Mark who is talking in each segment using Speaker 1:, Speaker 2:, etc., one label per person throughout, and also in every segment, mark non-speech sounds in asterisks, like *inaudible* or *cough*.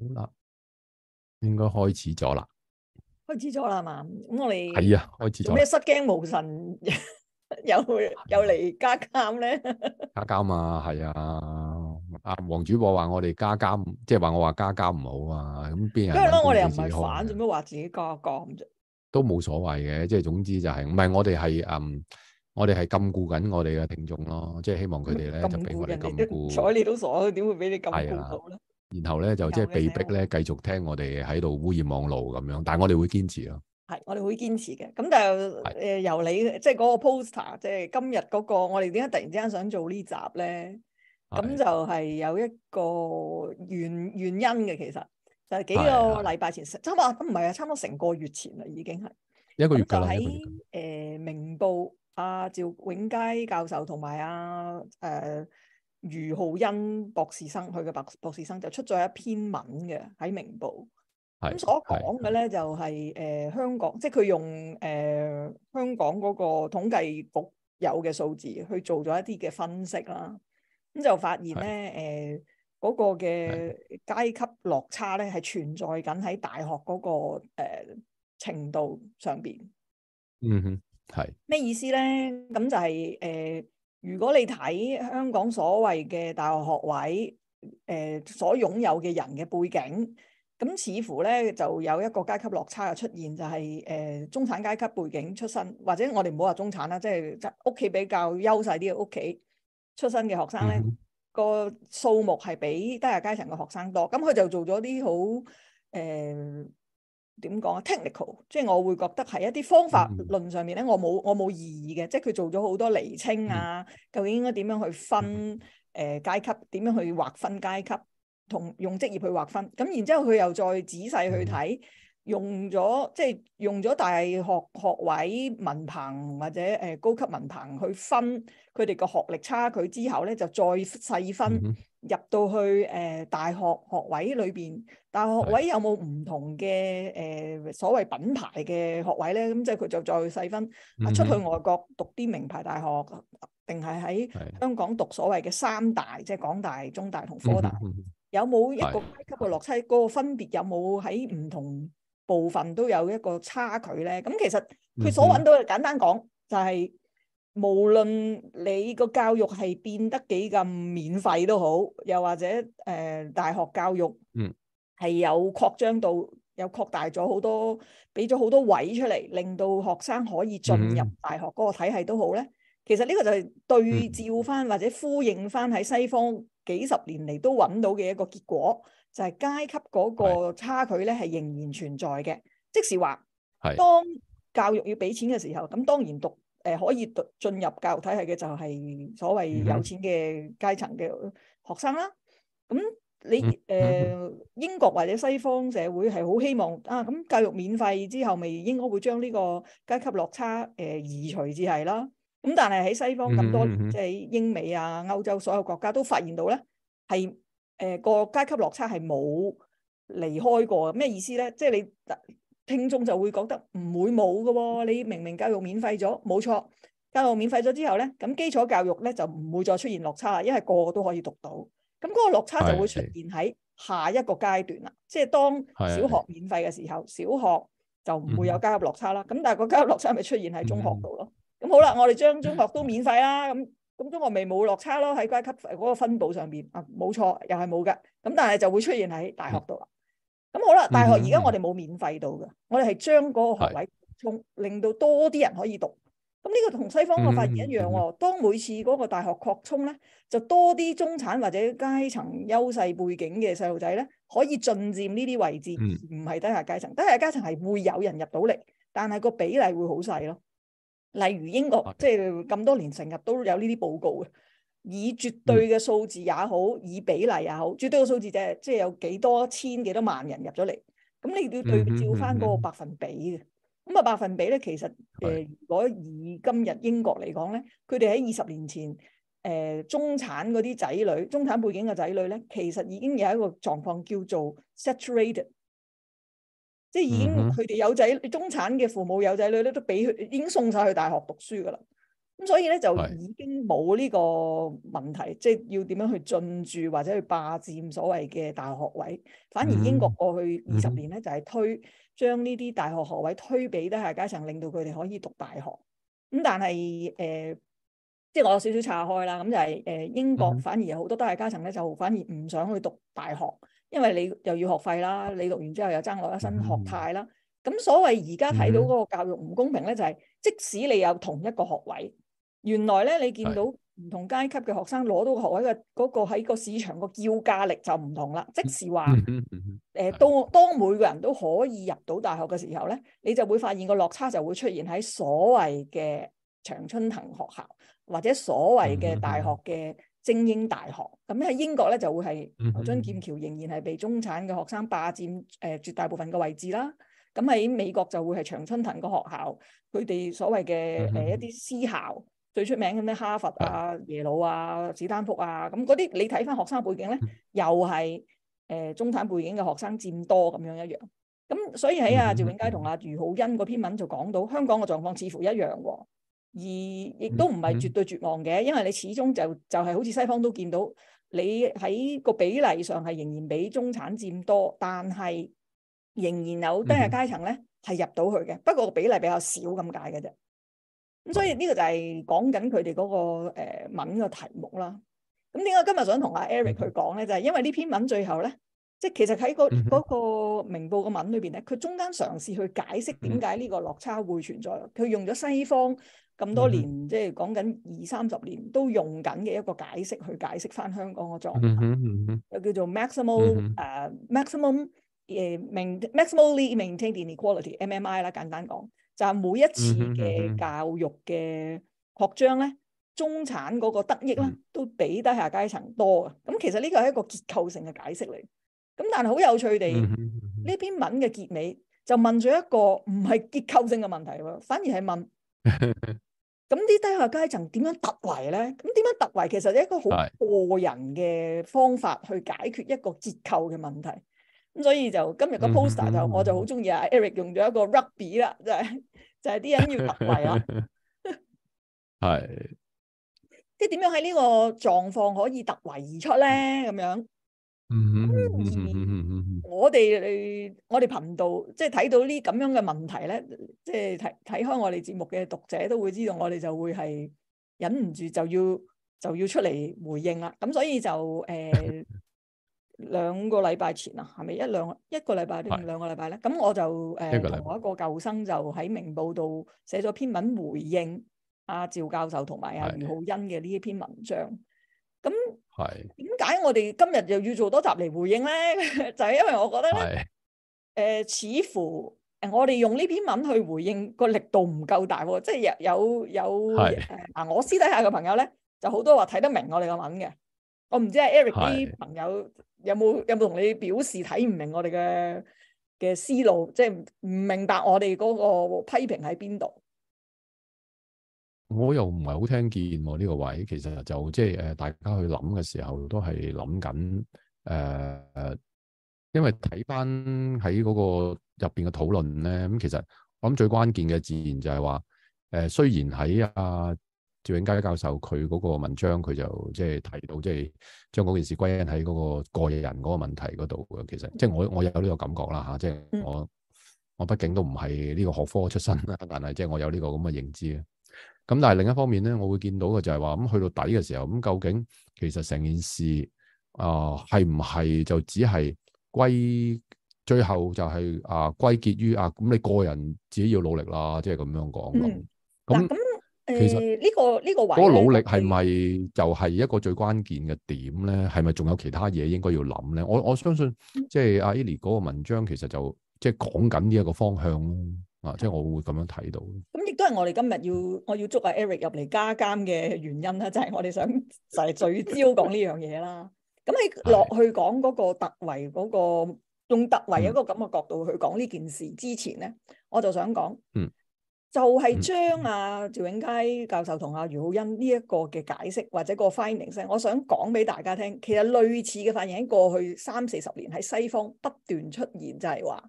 Speaker 1: 好
Speaker 2: 啦，應該開始咗啦，
Speaker 3: 開始咗啦係嘛？咁我哋係啊，
Speaker 2: 開始咗。做咩失
Speaker 3: 驚無神，又又嚟加監咧？
Speaker 2: 加監啊，係啊！阿王主播話我哋加監，即係話我話加監唔好啊。咁邊有人？梗係啦，我哋又唔係反，
Speaker 3: 做咩話自己加監啫？
Speaker 2: 都冇所謂嘅，即係總之就係唔係我哋係嗯，我哋係禁錮緊我哋嘅聽眾咯，即係希望佢哋咧就俾我哋禁錮。睬
Speaker 3: 你都傻，佢點會俾你禁錮到咧？
Speaker 2: 然後咧就即係被逼咧繼續聽我哋喺度污染網路咁樣，但係我哋會堅持咯。
Speaker 3: 係，我哋會堅持嘅。咁就誒是、呃、由你即係嗰個 poster，即係今日嗰、那個我哋點解突然之間想做呢集咧？咁是就係有一個原原因嘅，其實就係、是、幾個禮拜前，差唔啊唔係啊，差唔多成個月前啦，已經係一個月就喺誒、呃、明報阿趙、啊、永佳教授同埋阿誒。啊余浩恩博士生，佢嘅博博士生就出咗一篇文嘅喺明報咁是所講嘅咧，的就係、是、誒、呃、香港，即係佢用誒、呃、香港嗰個統計局有嘅數字去做咗一啲嘅分析啦。咁就發現咧，誒嗰的、呃那個嘅階級落差咧係存在緊喺大學嗰、那個誒、呃、程度上邊。
Speaker 1: 嗯哼，係
Speaker 3: 咩意思咧？咁就係、是、誒。呃如果你睇香港所謂嘅大學學位，誒、呃、所擁有嘅人嘅背景，咁似乎咧就有一個階級落差嘅出現，就係、是、誒、呃、中產階級背景出身，或者我哋唔好話中產啦，即係屋企比較優勢啲嘅屋企出身嘅學生咧，嗯、個數目係比低下階層嘅學生多，咁佢就做咗啲好誒。呃點講啊？technical，即係我會覺得係一啲方法論上面咧，我冇我冇異議嘅。即係佢做咗好多釐清啊，究竟應該點樣去分誒階級？點樣去劃分階級？同用職業去劃分。咁然之後佢又再仔細去睇，用咗即係用咗大學學位文憑或者誒、呃、高級文憑去分佢哋個學歷差距之後咧，就再細分。入到去誒、呃、大學學位裏邊，大學學位有冇唔同嘅誒、呃、所謂品牌嘅學位咧？咁、嗯、即係佢就再細分，嗯、哼出去外國讀啲名牌大學，定係喺香港讀所謂嘅三大，嗯、哼即係港大、中大同科大，嗯、哼有冇一個階級嘅落差？嗰、嗯、哼個分別有冇喺唔同部分都有一個差距咧？咁其實佢所揾到嘅，簡單講就係，嗯無論你個教育系變得幾咁免費都好，又或者誒、呃，大學教育嗯係有擴張到，有擴大咗好多，俾咗好多位出嚟，令到學生可以進入大學嗰個體系都好咧。嗯、其實呢個就係對照翻或者呼應翻喺西方幾十年嚟都揾到嘅一個結果，就係、是、階級嗰個差距咧係仍然存在嘅。即使話，
Speaker 1: 係當
Speaker 3: 教育要俾錢嘅時候，咁當然讀。誒、呃、可以進入教育體系嘅就係所謂有錢嘅階層嘅學生啦。咁、嗯、你誒、呃嗯嗯、英國或者西方社會係好希望啊，咁、嗯、教育免費之後，咪應該會將呢個階級落差誒、呃、移除至係啦。咁、嗯、但係喺西方咁多，嗯嗯嗯、即係英美啊、歐洲所有國家都發現到咧，係誒、呃、嗰個階級落差係冇離開過嘅。咩意思咧？即係你。聽眾就會覺得唔會冇㗎喎，你明明教育免費咗，冇錯，教育免費咗之後咧，咁基礎教育咧就唔會再出現落差啦，因為個個都可以讀到，咁嗰個落差就會出現喺下一個階段啦，即係當小學免費嘅時候，小學就唔會有階級落差啦，咁但係個階級落差咪出現喺中學度咯，咁好啦，我哋將中學都免費啦，咁咁中學咪冇落差咯，喺階級嗰個分布上面啊，冇錯，又係冇㗎，咁但係就會出現喺大學度啦。咁好啦，大學而家我哋冇免費到嘅，嗯、哼我哋係將嗰個學位擴充，是令到多啲人可以讀。咁呢個同西方嘅發現一樣喎、哦。嗯、哼當每次嗰個大學擴充咧，就多啲中產或者階層優勢背景嘅細路仔咧，可以進佔呢啲位置。唔係低下階層，嗯、低下階層係會有人入到嚟，但係個比例會好細咯。例如英國，即係咁多年成日都有呢啲報告嘅。以絕對嘅數字也好，以比例也好，絕對嘅數字就係即係有幾多千幾多萬人入咗嚟，咁你都要對照翻嗰個百分比嘅。咁啊、嗯嗯嗯嗯、百分比咧，其實誒、呃，如果以今日英國嚟講咧，佢哋喺二十年前誒、呃、中產嗰啲仔女，中產背景嘅仔女咧，其實已經有一個狀況叫做 saturated，即係已經佢哋有仔、嗯嗯、中產嘅父母有仔女咧，都俾佢已經送晒去大學讀書㗎啦。咁所以咧就已經冇呢個問題，是即係要點樣去進駐或者去霸佔所謂嘅大學位。反而英國過去二十年咧、嗯、就係推將呢啲大學學位推俾低下階層，令到佢哋可以讀大學。咁、嗯、但係誒、呃，即係我有少少岔開啦。咁就係、是、誒、呃、英國反而好多低下階層咧，就反而唔想去讀大學，因為你又要學費啦，你讀完之後又爭落一身學貸啦。咁、嗯、所謂而家睇到嗰個教育唔公平咧，嗯、就係即使你有同一個學位。原來咧，你見到唔同階級嘅學生攞到學位個位嘅嗰喺個市場個叫價力就唔同啦。即係話，誒、 *laughs* 呃、當當每個人都可以入到大學嘅時候咧，你就會發現個落差就會出現喺所謂嘅長春藤學校或者所謂嘅大學嘅精英大學。咁喺 *laughs* 英國咧就會係，牛津劍橋仍然係被中產嘅學生霸佔誒、呃、絕大部分嘅位置啦。咁喺美國就會係長春藤嘅學校，佢哋所謂嘅誒一啲私校。 *laughs* *laughs* 最出名嘅咩？哈佛啊、耶魯啊、史丹福啊，咁嗰啲你睇翻學生背景咧，嗯、又係誒、呃、中產背景嘅學生佔多咁樣一樣。咁所以喺阿趙永佳同阿余浩欣嗰篇文就講到，香港嘅狀況似乎一樣喎、哦。而亦都唔係絕對絕望嘅，因為你始終就就係、是、好似西方都見到，你喺個比例上係仍然比中產佔多，但係仍然有低下階層咧係入到去嘅，不過個比例比較少咁解嘅啫。咁所以呢個就係講緊佢哋嗰個、呃、文嘅題目啦。咁點解今日想同阿 Eric 佢講咧？就係、是、因為呢篇文最後咧，即、就、係、是、其實喺、那個嗰、嗯、哼個明報嘅文裏邊咧，佢中間嘗試去解釋點解呢個落差會存在。佢用咗西方咁多年，嗯、哼即係講緊二三十年都用緊嘅一個解釋去解釋翻香港嘅狀
Speaker 1: 況，
Speaker 3: 又、嗯、哼叫做 maximal 誒 maximum 誒 main maximally maintained inequality MMI 啦，簡單講。就係每一次嘅教育嘅擴張咧，中產嗰個得益啦，都比低下階層多啊！咁其實呢個係一個結構性嘅解釋嚟。咁但係好有趣地，呢篇文嘅結尾就問咗一個唔係結構性嘅問題喎，反而係問：咁啲低下階層點樣突圍咧？咁點樣突圍？其實係一個好個人嘅方法去解決一個結構嘅問題。咁所以就今日個 poster、嗯、哼就我就好中意啊 Eric 用咗一個 rugby 啦，就係、是、就係、是、啲人要突圍啊，
Speaker 1: 係
Speaker 3: 即係點樣喺呢個狀況可以突圍而出咧？咁樣，嗯，哼嗯，嗯哼我哋我哋頻道即係睇到呢咁樣嘅問題咧，即係睇睇開我哋節目嘅讀者都會知道，我哋就會係忍唔住就要就要，就要出嚟回應啦。咁所以就誒。呃 *laughs* 兩個禮拜前啊，係咪一兩一個禮拜定兩個禮拜咧？咁是我就誒同一個舊生就喺明報度寫咗篇文回應阿趙教授同埋阿吳浩欣嘅呢一篇文章。
Speaker 2: 咁點
Speaker 3: 解我哋今日又要做多集嚟回應咧？ *laughs* 就係因為我覺得咧，誒是、呃、似乎誒我哋用呢篇文去回應個力度唔夠大喎，即係有有嗱，我私底下嘅朋友咧就好多話睇得明我哋嘅文嘅，我唔知係 Eric 啲是朋友。有冇有冇同你表示睇唔明我哋嘅嘅思路，即係唔明白我哋嗰個批評喺邊度？
Speaker 2: 我又唔係好聽見呢個位，其實就即係誒大家去諗嘅時候都，都係諗緊誒，因為睇翻喺嗰個入邊嘅討論咧，咁其實，我諗最關鍵嘅自然就係話，誒、呃，雖然喺啊。趙永佳教授佢嗰個文章，佢就即係提到，即係將嗰件事歸因喺嗰個個人嗰個問題嗰度嘅。其實，即係我我有呢個感覺啦吓，即係我我畢竟都唔係呢個學科出身啦，但係即係我有呢個咁嘅認知。咁但係另一方面咧，我會見到嘅就係話，咁去到底嘅時候，咁究竟其實成件事啊係唔係就只係歸最後就係啊歸結於啊咁你個人自己要努力啦，即係咁樣講咁。嗯咁
Speaker 3: 其實呢、這個呢、這個位呢個努力
Speaker 2: 係咪就係一個最關鍵嘅點咧？係咪仲有其他嘢應該要諗咧？我我相信、嗯、即係阿 Eli 嗰個文章其實就即係、就是、講緊呢一個方向咯。嗯、啊，即、就、係、是、我會咁樣睇到。
Speaker 3: 咁亦、嗯、都係我哋今日要我要捉阿 Eric 入嚟加監嘅原因啦，就係、是、我哋想就係聚焦講呢樣嘢啦。咁你落去講嗰個突圍嗰、那個用突圍一個咁嘅角度去講呢件事之前咧，嗯、我就想講嗯。就係將阿趙永佳教授同阿余浩欣呢一個嘅解釋或者個 finding 先，我想講俾大家聽。其實類似嘅發現喺過去三四十年喺西方不斷出現，就係話，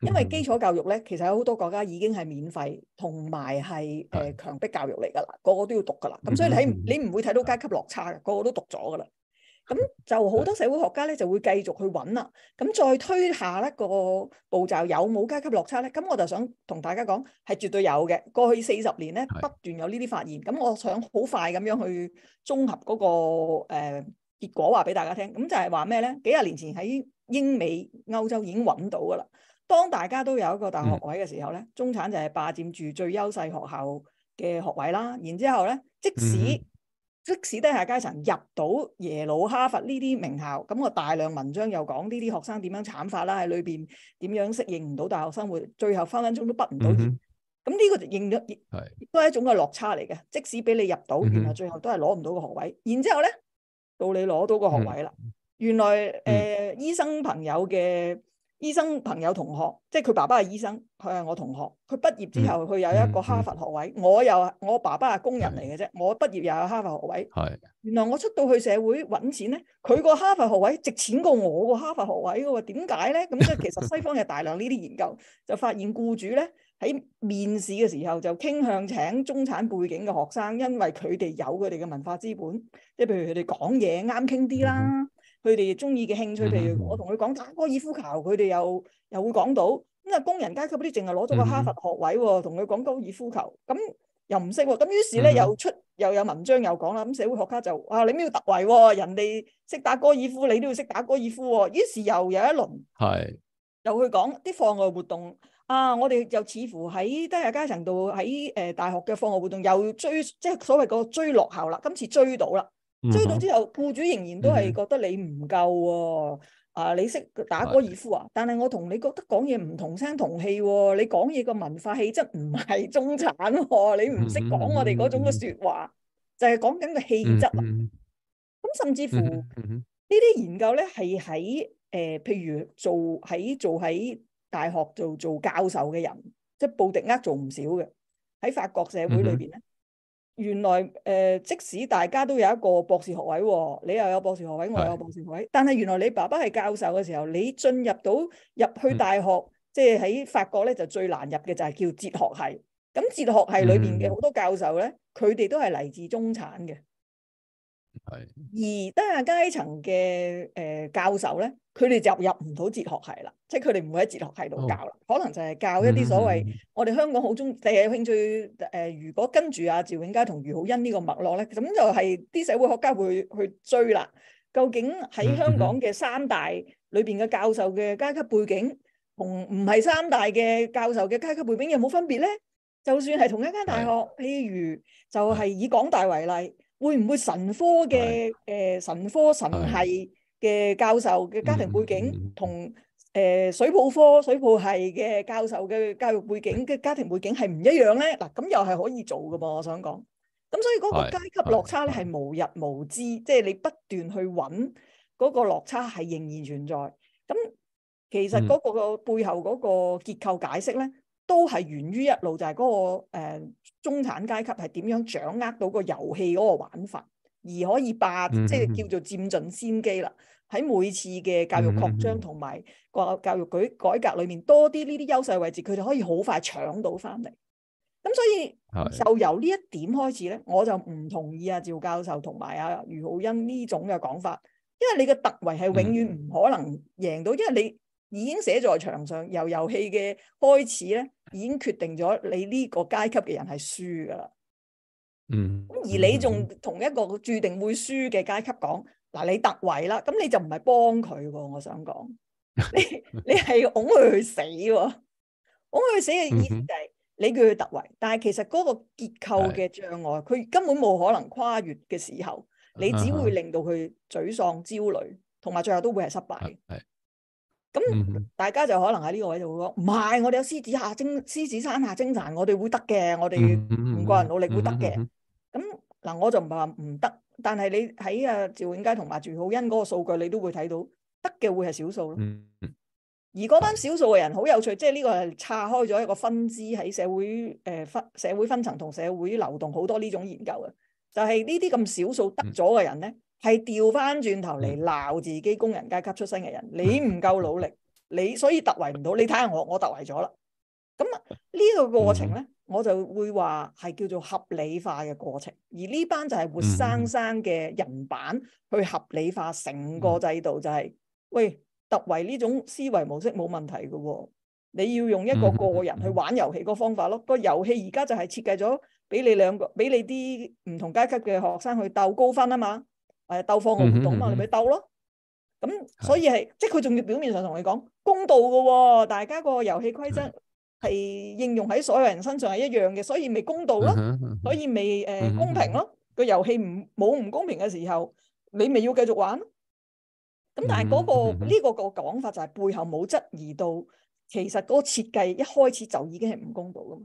Speaker 3: 因為基礎教育咧，其實有好多國家已經係免費同埋係誒強迫教育嚟㗎啦，個個都要讀㗎啦。咁所以你你唔會睇到階級落差㗎，個個都讀咗㗎啦。咁就好多社會學家咧就會繼續去揾啦，咁再推下一、呢個步驟有冇階級落差咧？咁我就想同大家講係絕對有嘅。過去四是、那個呃、十年咧，不斷有呢啲發現，咁我想好快咁樣去綜合嗰個誒結果話俾大家聽。咁就係話咩咧？幾廿年前喺英美歐洲已經揾到噶啦。當大家都有一個大學位嘅時候咧，嗯、中產就係霸佔住最優勢學校嘅學位啦。然之後咧，即使、嗯即使低下階層入到耶魯、哈佛呢啲名校，咁我大量文章又講呢啲學生點樣慘法啦，喺裏邊點樣適應唔到大學生活，最後分分鐘都畢唔到
Speaker 1: 業。
Speaker 3: 咁呢、嗯、哼個就認得亦是都係一種嘅落差嚟嘅。即使俾你入到，原來、嗯、哼最後都係攞唔到個學位。然之後咧，到你攞到個學位啦，嗯、原來誒、呃嗯、醫生朋友嘅。醫生朋友同學，即係佢爸爸係醫生，佢係我同學。佢畢業之後，佢有一個哈佛學位。嗯嗯、我又我爸爸係工人嚟嘅啫。的我畢業又有哈佛學位。係的原來我出到去社會揾錢咧，佢個哈佛學位值錢過我個哈佛學位嘅喎？點解咧？咁、嗯、即係其實西方有大量呢啲研究， *laughs* 就發現僱主咧，喺面試嘅時候就傾向請中產背景嘅學生，因為佢哋有佢哋嘅文化資本，即係譬如佢哋講嘢啱傾啲啦。 *laughs* 佢哋中意嘅興趣，譬如我同佢講打高爾夫球，佢哋、嗯、又又會講到。咁啊，工人階級啲淨係攞咗個哈佛學位喎，同佢講高爾夫球，咁又唔識喎。咁於是咧、嗯、又出又有文章又講啦。咁社會學家就啊，你咩要突圍喎？人哋識打高爾夫，你都要識打高爾夫喎。於是又，又有一輪，是又去講啲課外活動啊！我哋又似乎喺低下階層度喺誒大學嘅課外活動又追，即、就、係、是、所謂個追落後啦。今次追到啦。追到之後，僱主仍然都係覺得你唔夠喎。嗯、哼啊，你識打高爾夫啊？的但係我同你覺得講嘢唔同聲同氣、哦，你講嘢個文化氣質唔係中產、哦，你唔識講我哋嗰種嘅說話，嗯、哼就係講緊個氣質啊。咁、嗯、哼甚至乎呢啲、嗯、哼研究咧，係喺誒，譬如做喺做喺大學做做教授嘅人，即、就、係、是、布迪厄呃做唔少嘅喺法國社會裏邊咧。嗯哼嗯原來誒、呃，即使大家都有一個博士學位喎、哦，你又有博士學位，我又有博士學位。是但係原來你爸爸係教授嘅時候，你進入到入去大學，即係喺法國咧，就最難入嘅就係叫哲學系。咁哲學系裏邊嘅好多教授咧，佢哋、嗯、都係嚟自中產嘅。係而低下階層嘅誒教授咧，佢哋就入唔到哲學系啦，即係佢哋唔會喺哲學系度教啦，oh. 可能就係教一啲所謂、mm hmm. 我哋香港好中意，你有興趣誒、呃，如果跟住阿趙永佳同余好恩呢個脈絡咧，咁就係啲社會學家會去追啦。究竟喺香港嘅三大裏邊嘅教授嘅階級背景，同唔係三大嘅教授嘅階級背景有冇分別咧？就算係同一間大學，譬、mm hmm. 如就係以港大為例。會唔會神科嘅誒神科神係嘅教授嘅家庭背景，同誒水泡科水泡係嘅教授嘅教育背景嘅家庭背景係唔一樣咧？嗱，咁又係可以做噶噃。我想講，咁所以嗰個階級落差咧，係無日無之，即係你不斷去揾嗰個落差係仍然存在。咁其實嗰個個背後嗰個結構解釋咧，都係源於一路就係嗰個誒。中產階級係點樣掌握到個遊戲嗰個玩法，而可以霸即係、就是、叫做佔盡先機啦。喺每次嘅教育擴張同埋個教育改改革裏面，多啲呢啲優勢位置，佢哋可以好快搶到翻嚟。咁所以的就由呢一點開始咧，我就唔同意阿趙教授同埋阿余浩恩呢種嘅講法，因為你嘅突圍係永遠唔可能贏到，的因為你。已經寫在牆上，由遊戲嘅開始咧，已經決定咗你呢個階級嘅人係輸噶啦。嗯。
Speaker 1: 咁而你仲
Speaker 3: 同一個注定會輸嘅階級講，嗱、嗯啊，你突圍啦，咁你就唔係幫佢喎。我想講，你你係拱佢去死喎。拱佢 *laughs* 去死嘅意思係，你叫佢突圍，嗯、但係其實嗰個結構嘅障礙，佢的根本冇可能跨越嘅時候，你只會令到佢沮喪、焦慮、嗯，同埋、嗯嗯、最後都會係失敗。嗯嗯嗯
Speaker 1: 咁、嗯、
Speaker 3: 大家就可能喺呢個位就會講，唔係，我哋有獅子下精，獅子山下精神，我哋會得嘅，我哋五個人努力會得嘅。
Speaker 1: 咁嗱、
Speaker 3: 嗯嗯嗯嗯，我就唔係話唔得，但係你喺阿趙永佳同埋徐浩恩嗰個數據，你都會睇到得嘅會係少數咯。嗯嗯、而嗰班少數嘅人好有趣，即係呢個係岔開咗一個分支喺社會誒分、呃、社會分層同社會流動好多呢種研究嘅。就係呢啲咁少數得咗嘅人咧。嗯嗯係調翻轉頭嚟鬧自己工人階級出身嘅人，你唔夠努力，你所以突圍唔到。你睇下我，我突圍咗啦。咁啊，呢、這個過程咧，我就會話係叫做合理化嘅過程。而呢班就係活生生嘅人版去合理化成個制度，就係、是、喂突圍呢種思維模式冇問題嘅、哦。你要用一個個人去玩遊戲個方法咯。個遊戲而家就係設計咗俾你兩個，俾你啲唔同階級嘅學生去鬥高分啊嘛。誒，鬥放個活動嘛，你咪鬥咯。咁所以係，即係佢仲要表面上同你講公道噶喎，大家個遊戲規則係應用喺所有人身上係一樣嘅，所以咪公道咯，所以咪誒公平咯。個遊戲唔冇唔公平嘅時候，你咪要繼續玩咯。
Speaker 1: 咁但係嗰個呢個
Speaker 3: 個講法就係背後冇質疑到，其實個設計一開始就已經係唔公道噶嘛。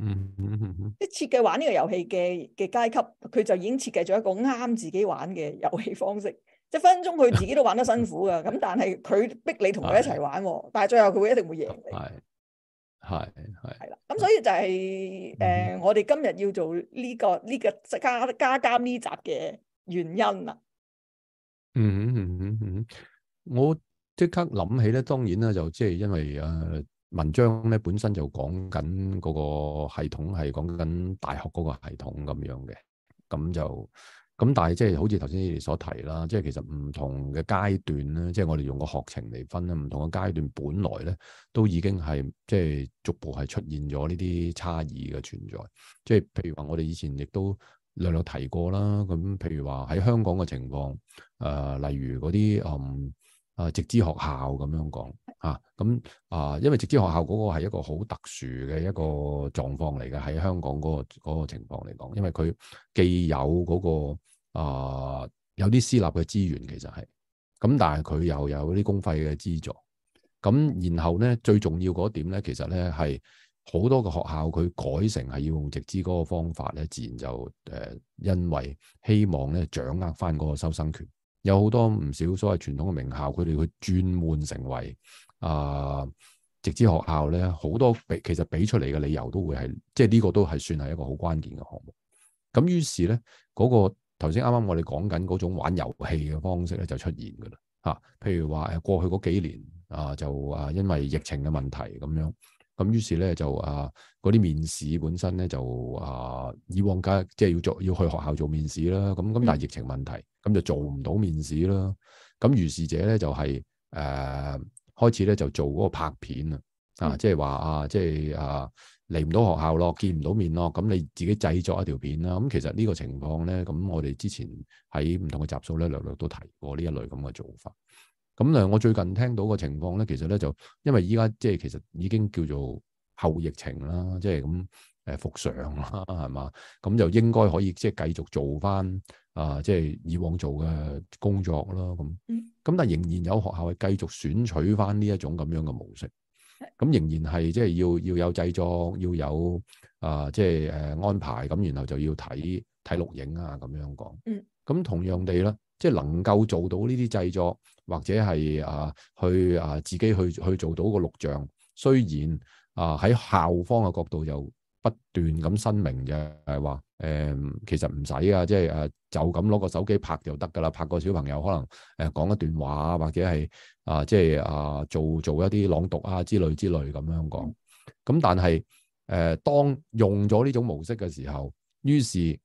Speaker 3: 嗯，即設計玩呢個遊戲嘅嘅階級，佢就已經設計咗一個啱自己玩嘅遊戲方式，即、就係、分分鐘佢自己都玩得辛苦噶。咁 *laughs* 但係佢逼你同佢一齊玩，的但係最後佢會一定會贏你。係
Speaker 2: 係係啦，
Speaker 3: 咁所以就係、是、誒，呃嗯、我哋今日要做呢、這個呢、這個加加監呢集嘅原因啦、嗯。嗯嗯嗯
Speaker 2: 嗯，我即刻諗起咧，當然啦，就即、是、係因為誒。文章咧，本身就講緊嗰個系統，係講緊大學嗰個系統咁樣嘅，咁就咁但係即係好似頭先你哋所提啦，即係其實唔同嘅階段咧，即係我哋用個學程嚟分啦，唔同嘅階段本來咧都已經係即係逐步係出現咗呢啲差異嘅存在，即係譬如話我哋以前亦都略略提過啦，咁譬如話喺香港嘅情況，誒，呃，例如嗰啲誒誒直資學校咁樣講。啊，咁啊，因為直資學校嗰個係一個好特殊嘅一個狀況嚟嘅，喺香港嗰、嗰個、嗰個情況嚟講，因為佢既有嗰、嗰個啊、呃、有啲私立嘅資源，其實係，咁但係佢又有啲公費嘅資助，咁然後咧最重要嗰點咧，其實咧係好多嘅學校佢改成係要用直資嗰個方法咧，自然就誒、呃、因為希望咧掌握翻嗰個收生權，有好多唔少所謂傳統嘅名校，佢哋去轉換成為。啊！直至學校咧，好多俾其實俾出嚟嘅理由都會係，即係呢個都係算係一個好關鍵嘅項目。咁於是咧，嗰個頭先啱啱我哋講緊嗰種玩遊戲嘅方式咧，就出現㗎喇吓。譬如話誒，過去嗰幾年啊，就啊，因為疫情嘅問題咁樣，咁於是咧就啊，嗰啲面試本身咧就啊，以往㗎即係要做要去學校做面試啦，咁咁但係疫情問題，咁就做唔到面試啦。咁於是者咧就係誒。呃開始咧就做嗰個拍片、嗯、啊，啊即係話啊，即、就、係、是、啊嚟唔到學校咯，見唔到面咯，咁你自己製作一條片啦。咁、嗯、其實呢個情況咧，咁、嗯、我哋之前喺唔同嘅集數咧，略略都提過呢一類咁嘅做法。咁、嗯、咧，我最近聽到個情況咧，其實咧就因為依家即係其實已經叫做後疫情啦，即係咁誒復常啦，係、呃、嘛？咁、嗯、就應該可以即係繼續做翻。啊，即係以往做嘅工作啦，咁咁但係仍然有學校係繼續選取翻呢一種咁樣嘅模式，咁仍然係即係要要有製作，要有啊即係誒安排，咁然後就要睇睇錄影啊咁樣講。嗯，咁同樣地啦，即係能夠做到呢啲製作，或者係啊去啊自己去去做到個錄像，雖然啊喺校方嘅角度又不斷咁申明嘅係話。就係誒、嗯，其實唔使啊，即係誒，就咁攞個手機拍就得噶啦，拍個小朋友可能誒講一段話，或者係啊、呃，即係啊、呃、做做一啲朗讀啊之類之類咁樣講。咁但係誒、呃，當用咗呢種模式嘅時候，於是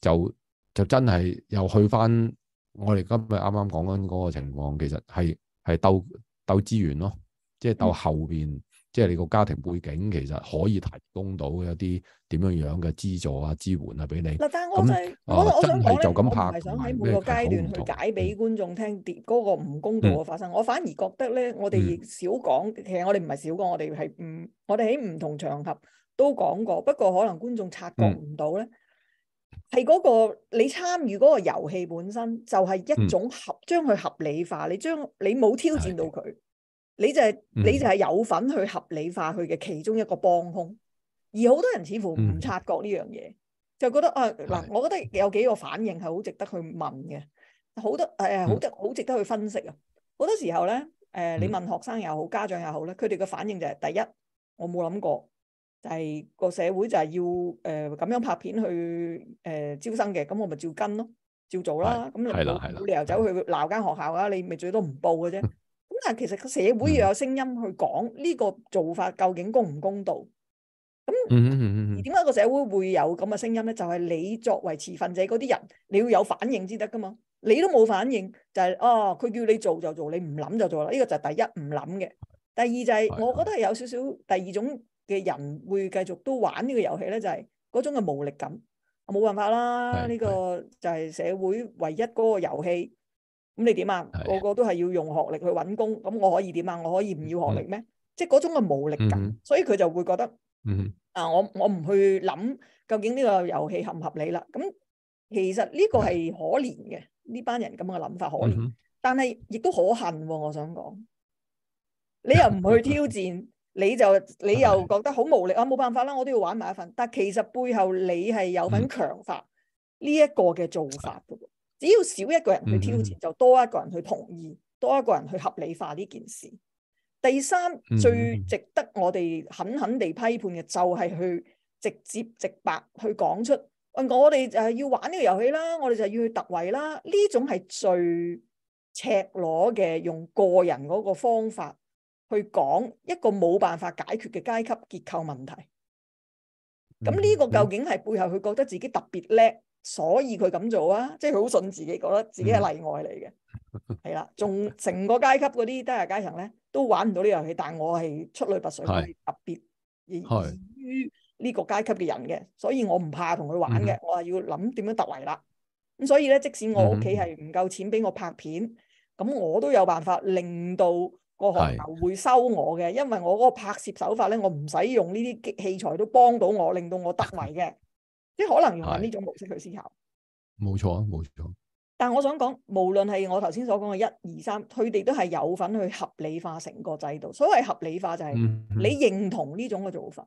Speaker 2: 就就真係又去翻，我哋今日啱啱講緊嗰個情況，其實係係鬥鬥資源咯，即係鬥後邊。嗯即係你個家庭背景，其實可以提供到一啲點樣樣嘅資助啊、支援啊俾你。嗱，但係我我我想你就咁拍，唔喺每個階段去解
Speaker 3: 俾觀眾聽啲嗰個唔公道嘅發生。我反而覺得咧，我哋亦少講，其實我哋唔係少講，我哋係唔，我哋喺唔同場合都講過。不過可能觀眾察覺唔到咧，係嗰個你參與嗰個遊戲本身就係一種合，將佢合理化。你將你冇挑戰到佢。你、 *noise* 嗯、就係你就係有份去合理化佢嘅其中一個幫凶，而好多人似乎唔察覺呢樣嘢，嗯、就覺得啊嗱，我覺得有幾個反應係好值得去問嘅，好多誒、啊、好值好、嗯、值得去分析啊！好多時候咧誒、呃，你問學生又好，家長又好咧，佢哋嘅反應就係、是、第一，我冇諗過就係、是、個社會就係要誒咁、呃、樣拍片去誒、呃、招生嘅，咁我咪照跟咯，照做啦。咁你冇理由走去鬧間學校啊，你咪最多唔報嘅啫。但係其實個社會要有聲音去講呢個做法究竟公唔公道？
Speaker 1: 咁而點
Speaker 3: 解個社會會有咁嘅聲音咧？就係、是、你作為持份者嗰啲人，你要有反應先得噶嘛。你都冇反應，就係、是、哦，佢、啊、叫你做就做，你唔諗就做啦。呢、這個就係第一唔諗嘅。第二就係、是、的我覺得係有少少第二種嘅人會繼續都玩個遊戲呢個遊戲咧，就係、是、嗰種嘅無力感。冇辦法啦，呢的個就係社會唯一嗰個遊戲。咁你點啊？個個都係要用學歷去揾工，咁我可以點啊？我可以唔要學歷咩？Mm hmm. 即係嗰種嘅無力感。Mm hmm. 所以佢就會覺得，mm hmm. 啊，我我唔去諗究竟呢個遊戲合唔合理啦。咁其實呢個係可憐嘅，呢、mm hmm. 班人咁嘅諗法可憐，mm hmm. 但係亦都可恨。我想講，你又唔去挑戰，mm hmm. 你就你又覺得好無力、mm hmm. 啊！冇辦法啦，我都要玩埋一份。但其實背後你係有份強化呢一個嘅做法、mm hmm. mm hmm. 只要少一個人去挑戰，就多一個人去同意，多一個人去合理化呢件事。第三，最值得我哋狠狠地批判嘅，就係去直接直白去講出：喂，我哋就係要玩呢個遊戲啦，我哋就要去突圍啦。呢種係最赤裸嘅，用個人嗰個方法去講一個冇辦法解決嘅階級結構問題。咁呢個究竟係背後佢覺得自己特別叻？所以佢咁做啊，即係佢好信自己，覺得自己係例外嚟嘅，係啦、嗯。仲成個階級嗰啲低下階層咧，都玩唔到呢個遊戲，但係我係出類拔萃，特別是而於呢個階級嘅人嘅，所以我唔怕同佢玩嘅。嗯、我係要諗點樣突圍啦。咁所以咧，即使我屋企係唔夠錢俾我拍片，咁、嗯、我都有辦法令到個學校會收我嘅，是因為我嗰個拍攝手法咧，我唔使用呢啲器材都幫到我，令到我得圍嘅。即係可能用緊呢種模式去思考，
Speaker 2: 冇錯啊，冇錯。
Speaker 3: 但係我想講，無論係我頭先所講嘅一、二、三，佢哋都係有份去合理化成個制度。所謂合理化就係你認同呢種嘅做法。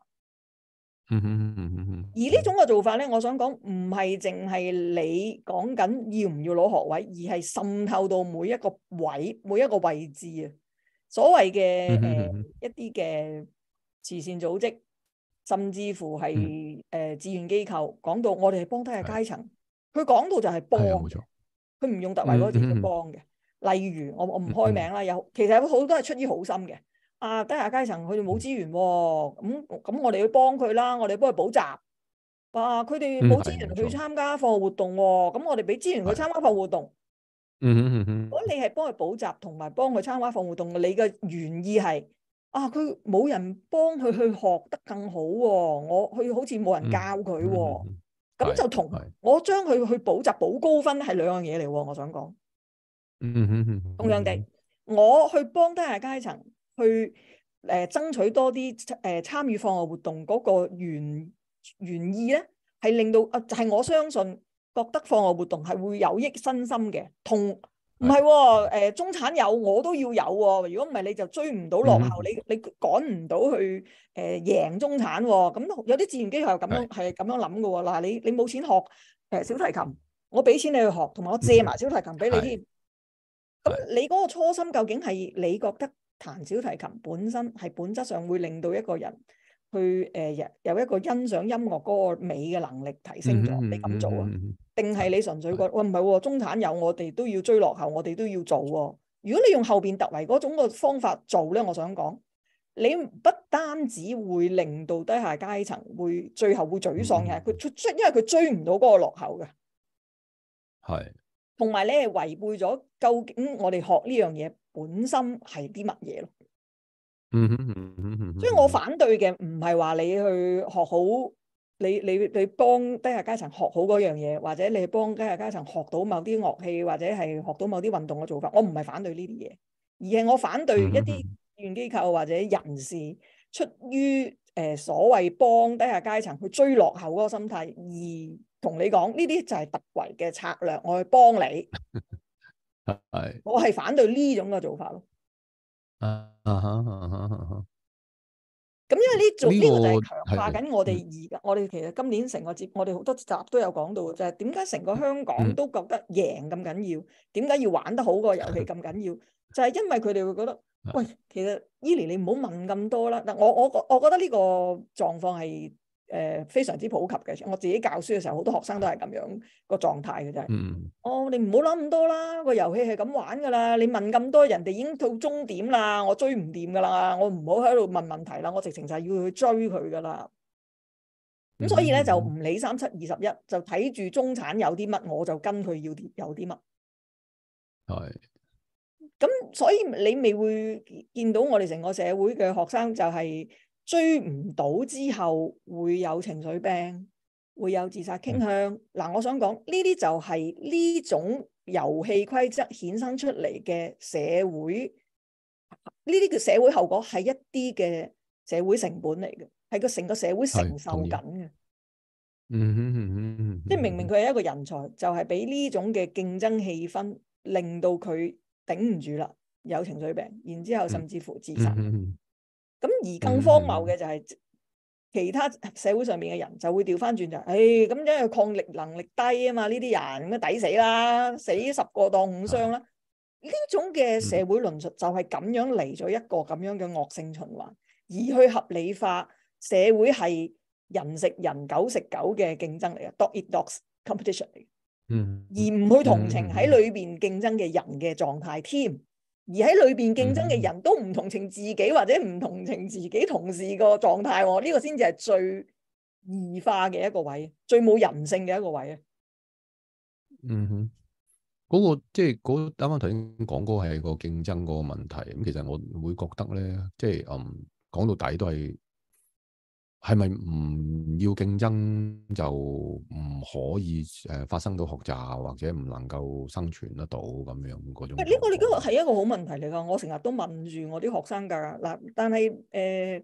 Speaker 3: 嗯嗯
Speaker 1: 嗯嗯嗯。而
Speaker 3: 呢種嘅做法咧，我想講唔係淨係你講緊要唔要攞學位，而係滲透到每一個位、每一個位置啊。所謂嘅誒一啲嘅慈善組織。甚至乎係誒志願機構講到，我哋係幫低下階層。佢講到就係幫，佢唔用特惠嗰啲嚟幫嘅。例如我我唔開名啦，有其實有好多係出於好心嘅。啊，低下階層佢哋冇資源喎，咁咁我哋去幫佢啦，我哋幫佢補習。啊，佢哋冇資源去參加課外活動喎，咁我哋俾資源去參加課外活動。
Speaker 1: 嗯嗯嗯嗯。如果
Speaker 3: 你係幫佢補習同埋幫佢參加課外活動，你嘅原意係？啊！佢冇人幫佢去學得更好喎。啊，我佢好似冇人教佢喎，咁就同我將佢去補習補高分係兩樣嘢嚟喎，我想講，嗯。
Speaker 1: 嗯嗯嗯，同樣
Speaker 3: 地，我去幫低下階層去誒、呃、爭取多啲誒、呃、參與放學活動嗰個原、原意咧，係令到啊，係、呃就係、我相信覺得放學活動係會有益身心嘅，同。唔係喎，中產有我都要有喎、哦。如果唔係，你就追唔到落後，嗯、你你趕唔到去誒、呃、贏中產喎、哦。咁有啲慈善機構咁樣係咁的樣諗嘅喎。嗱，你你冇錢學誒小提琴，我俾錢你去學，同埋我借埋小提琴俾你添。咁的你嗰個初心究竟係你覺得彈小提琴本身係本質上會令到一個人去誒有、呃、有一個欣賞音樂嗰個美嘅能力提升咗？嗯、
Speaker 1: 你咁做啊？嗯嗯嗯
Speaker 3: 定係你純粹覺得，喂，唔係喎，中產有我哋都要追落後，我哋都要做喎、哦。如果你用後邊突圍嗰種個方法做咧，我想講，你不單止會令到低下階層會最後會沮喪嘅，佢追的，因為佢追唔到嗰個落後嘅。
Speaker 2: 係的。
Speaker 3: 同埋你咧，違背咗究竟我哋學呢樣嘢本身係啲乜嘢咯？嗯哼嗯嗯。所以我反對嘅唔係話你去學好。你你你幫低下階層學好嗰樣嘢，或者你係幫低下階層學到某啲樂器，或者係學到某啲運動嘅做法，我唔係反對呢啲嘢，而係我反對一啲志願機構或者人士出於誒、呃、所謂幫低下階層去追落後嗰個心態，而同你講呢啲就係突圍嘅策略，我去幫你。
Speaker 1: 係 *laughs* 是。我
Speaker 3: 係反對呢種嘅做法咯。啊哈啊
Speaker 1: 哈啊哈。Huh, uh huh, uh huh.
Speaker 3: 咁，因為呢做呢個就係強化緊我哋而家，嗯、我哋其實今年成個節，我哋好多集都有講到，就係點解成個香港都覺得贏咁緊要，點解、嗯、要玩得好個遊戲咁緊要？嗯、就係因為佢哋會覺得， *laughs* 喂，其實伊研你唔好問咁多啦。嗱，我我我我覺得呢個狀況係。誒，非常之普及嘅。我自己教書嘅時候，好多學生都係咁樣個狀態嘅，就係、嗯，我、哦、你唔好諗咁多啦。個遊戲係咁玩噶啦，你問咁多人哋已經到終點啦，我追唔掂噶啦，我唔好喺度問問題啦，我直情就係要去追佢噶啦。
Speaker 1: 咁所
Speaker 3: 以咧、嗯、就唔理三七二十一，就睇住中產有啲乜，我就跟佢要有啲乜。
Speaker 1: 係是。
Speaker 3: 咁所以你未會見到我哋成個社會嘅學生就係、是。追唔到之後會有情緒病，會有自殺傾向。嗱、嗯，我想講呢啲就係呢種遊戲規則衍生出嚟嘅社會，呢啲嘅社會後果，係一啲嘅社會成本嚟嘅，係個成個社會承受緊嘅。嗯嗯嗯嗯，即係明明佢係一個人才，就係俾呢種嘅競爭氣氛令到佢頂唔住啦，有情緒病，然之後甚至乎自殺。嗯嗯嗯咁而更荒謬嘅就係、是、其他社會上面嘅人就會調翻轉就係、是，咁、哎、因為抗力能力低啊嘛，呢啲人咁抵死啦，死十個當五傷啦，呢、嗯、種嘅社會論述就係咁樣嚟咗一個咁樣嘅惡性循環，而去合理化社會係人食人、狗食狗嘅競爭嚟嘅，dog eat dog competition 嚟嘅，嗯，dog 嗯嗯而唔去同情喺裏邊競爭嘅人嘅狀態添。而喺裏邊競爭嘅人都唔同情自己、mm hmm. 或者唔同情自己同事狀態、哦這個狀態，呢個先至係最異化嘅一個位，最冇人性嘅一個位
Speaker 2: 啊。嗯、mm，嗰、hmm. 嗰個即係嗰啱啱頭先講嗰係個競爭個問題，咁其實我會覺得咧，即、就、係、是、嗯講到底都係。係咪唔要競爭就唔可以誒發生到學習或者唔能夠生存得到咁樣嗰呢、
Speaker 3: 這個，呢、這個係一個好問題嚟㗎。我成日都問住我啲學生㗎嗱。但係誒、呃、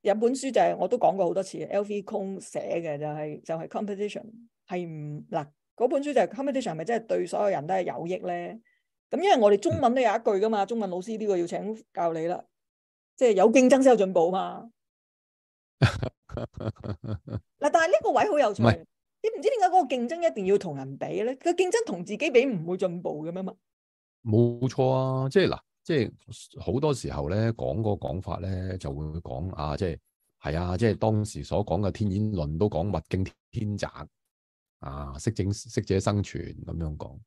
Speaker 3: 有本書就係、是、我都講過好多次，L. V. Kong 寫嘅就係、是、就係、是、competition 係唔嗱嗰本書就係 competition 係咪真係對所有人都係有益咧？咁因為我哋中文都有一句㗎嘛，嗯、中文老師呢個要請教你啦，即、就、係、是、有競爭先有進步嘛。嗱， *laughs* *laughs* 但係呢個位好有趣是，你唔知點解嗰個競爭一定要同人比咧？佢競爭同自己比唔會進步嘅咩嘛？
Speaker 2: 冇錯啊，即係嗱，即係好多時候咧講嗰個講法咧，就會講啊，即係係啊，即係當時所講嘅天演論都講物競天擇啊，適正適者生存咁樣講。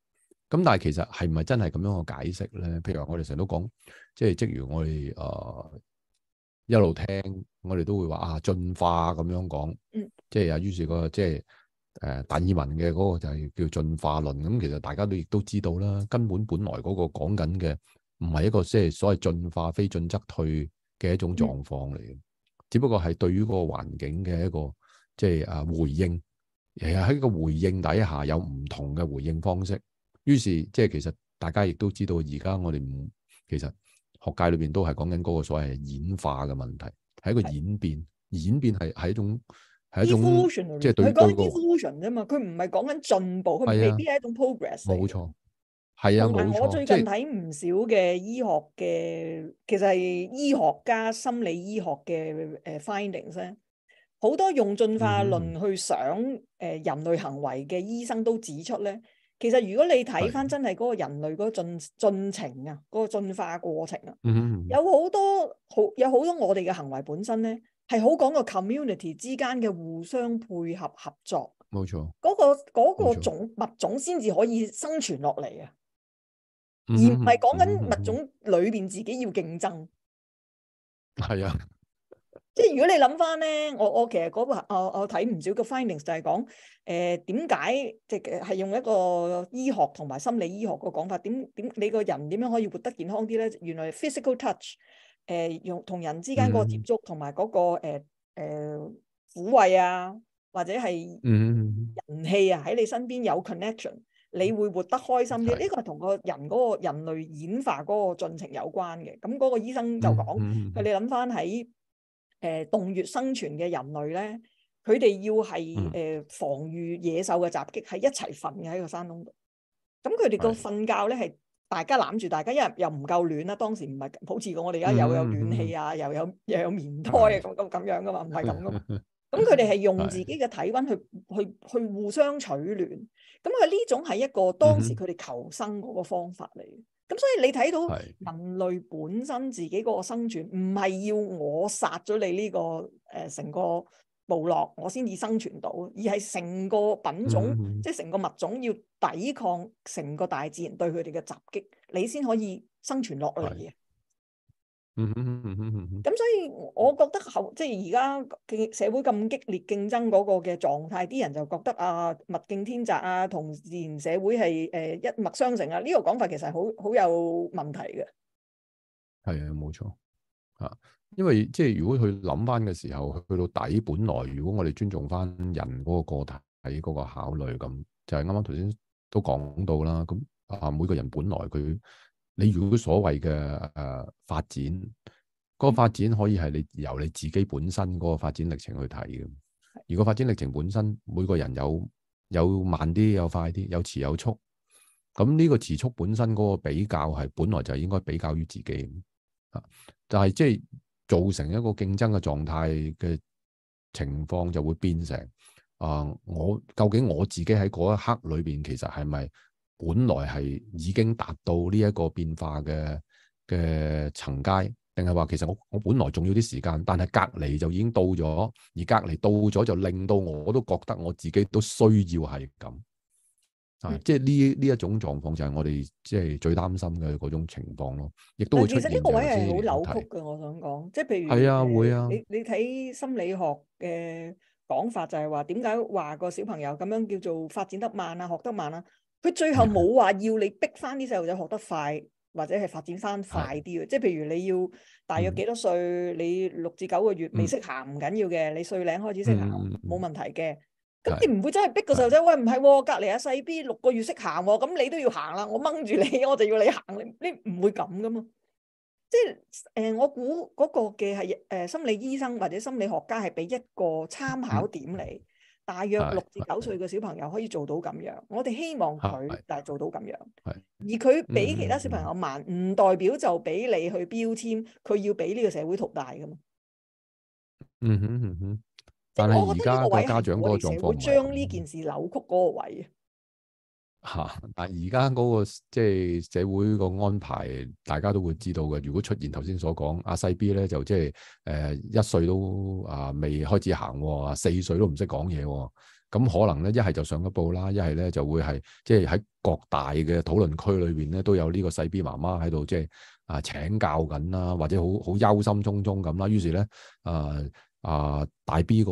Speaker 2: 咁但係其實係唔係真係咁樣嘅解釋咧？譬如話我哋成日都講，即係，即如我哋啊。呃一路聽，我哋都會話啊進化咁樣講，即係啊，於是嗰個即係誒，達爾文嘅嗰個就係叫進化論。咁其實大家都亦都知道啦，根本本來嗰個講緊嘅唔係一個即係、就是、所謂進化，非進則退嘅一種狀況嚟，嗯、只不過係對於個環境嘅一個即係、就是、啊回應，而喺個回應底下有唔同嘅回應方式。於是即係其實大家亦都知道，而家我哋唔其實。學界裏邊都係講緊嗰個所謂演化嘅問題，係一個演變，的演變係係一種係一種，一種 Evolution ary，即係對。佢講緊
Speaker 3: evolution 啫嘛，佢唔係講緊進步，佢的未必係一種 progress。
Speaker 2: 冇錯，係啊，但有錯我最近睇
Speaker 3: 唔少嘅醫學嘅，就是、其實係醫學加、心理醫學嘅誒 findings 咧，好多用進化論去想誒人類行為嘅醫生都指出咧。嗯其實如果你睇翻真係嗰個人類嗰個進進程啊，嗰、嗰個進化過程啊，嗯、哼有好多好有好多我哋嘅行為本身咧，係好講個 community 之間嘅互相配合合作。冇錯。嗰、嗰個嗰、嗰個、種錯物種先至可以生存落嚟啊，而
Speaker 1: 唔係講緊物種
Speaker 3: 裏邊自己要競爭。
Speaker 1: 係、嗯嗯嗯、啊。
Speaker 3: 即係如果你諗翻咧，我我其實嗰、那個，我我睇唔少個 findings 就係講，誒點解即係用一個醫學同埋心理醫學個講法，點點你個人點樣可以活得健康啲咧？原來 physical touch，誒、呃、用同人之間個接觸同埋嗰個誒誒撫慰啊，或者係人氣啊，喺你身邊有 connection，你會活得開心啲。呢、嗯、個係同個人嗰個人類演化嗰個進程有關嘅。咁、那、嗰個醫生就講，嗯嗯嗯、佢你諗翻喺。誒洞穴生存嘅人類咧，佢哋要係誒、嗯呃、防禦野獸嘅襲擊，喺一齊瞓嘅喺個山窿度。咁佢哋個瞓覺咧係是大家攬住大家，因為又唔夠暖啦。當時唔係好似我哋而家又有暖氣啊，嗯嗯、又有又有棉胎啊咁咁咁樣噶嘛，唔係咁噶嘛。
Speaker 1: 咁佢哋係
Speaker 3: 用自己嘅體温去是去去互相取暖。咁佢呢種係一個當時佢哋求生嗰個方法嚟。咁所以你睇到人類本身自己個生存，唔係要我殺咗你呢、這個誒成、呃、個部落，我先至生存到，而係成個品種，嗯嗯，即係成個物種要抵抗成個大自然對佢哋嘅襲擊，你先可以生存落嚟嘅。
Speaker 1: 嗯嗯嗯嗯嗯，咁
Speaker 3: 所以我覺得後即係而家競社會咁激烈競爭嗰個嘅狀態，啲人就覺得啊物競天擇啊，同自然社會係誒一脈相承啊。呢個講法其實係好好有問題嘅。
Speaker 2: 係啊，冇錯啊，因為即係如果佢諗翻嘅時候，去到底本來如果我哋尊重翻人嗰個個體嗰個考慮，咁就係啱啱頭先都講到啦。咁啊，每個人本來佢。你如果所謂嘅誒發展，嗰、那個發展可以係你由你自己本身嗰個發展歷程去睇嘅。如果發展歷程本身，每個人有有慢啲，有快啲，有遲有速，咁呢個遲速本身嗰個比較係本來就係應該比較於自己，吓、啊。但係即係造成一個競爭嘅狀態嘅情況，就會變成啊、呃，我究竟我自己喺嗰一刻裏邊，其實係咪？本來係已經達到呢一個變化嘅嘅層階，定係話其實我我本來仲要啲時間，但係隔離就已經到咗，而隔離到咗就令到我，我都覺得我自己都需要係咁，啊、嗯，即係呢呢一種狀況就係我哋即係最擔心嘅嗰種情況咯，亦都會出。其實呢個位係好扭曲
Speaker 3: 嘅，我想講，即係譬如，係啊，會啊，你你睇心理學嘅講法就係話，點解話個小朋友咁樣叫做發展得慢啊，學得慢啊？佢最後冇話要你逼翻啲細路仔學得快，或者係發展翻快啲嘅。的即係譬如你要大約幾多歲？嗯、你六至九個月未識行唔緊要嘅，你歲零開始識行冇、嗯、問題嘅。咁你唔會真係逼個細路仔。的喂，唔係喎，隔離阿細 B 六個月識行，咁你都要行啦。我掹住你，我就要你行。你你唔會咁噶嘛？即係誒、呃，我估嗰個嘅係誒心理醫生或者心理學家係俾一個參考點你。嗯大約六至九歲嘅小朋友可以做到咁樣，的我哋希望佢的但係做到咁樣，的而佢比其他小朋友慢，唔的代表就俾你去標籤，佢要俾呢個社會淘汰噶嘛。嗯哼
Speaker 2: 嗯哼，但係我覺得呢個位我哋嗰個社會
Speaker 3: 將呢件事扭曲嗰個位。
Speaker 2: 吓、啊！但而家嗰個即係社會個安排，大家都會知道嘅。如果出現頭先所講阿細 B 咧，就即係誒、呃、一歲都啊未開始行，四歲都唔識講嘢，咁、啊、可能咧一係就上一步啦，一係咧就會係即係喺各大嘅討論區裏邊咧都有呢個細 B 媽媽喺度即係啊請教緊啦，或者好好憂心忡忡咁啦。於是咧、呃、啊啊大 B 個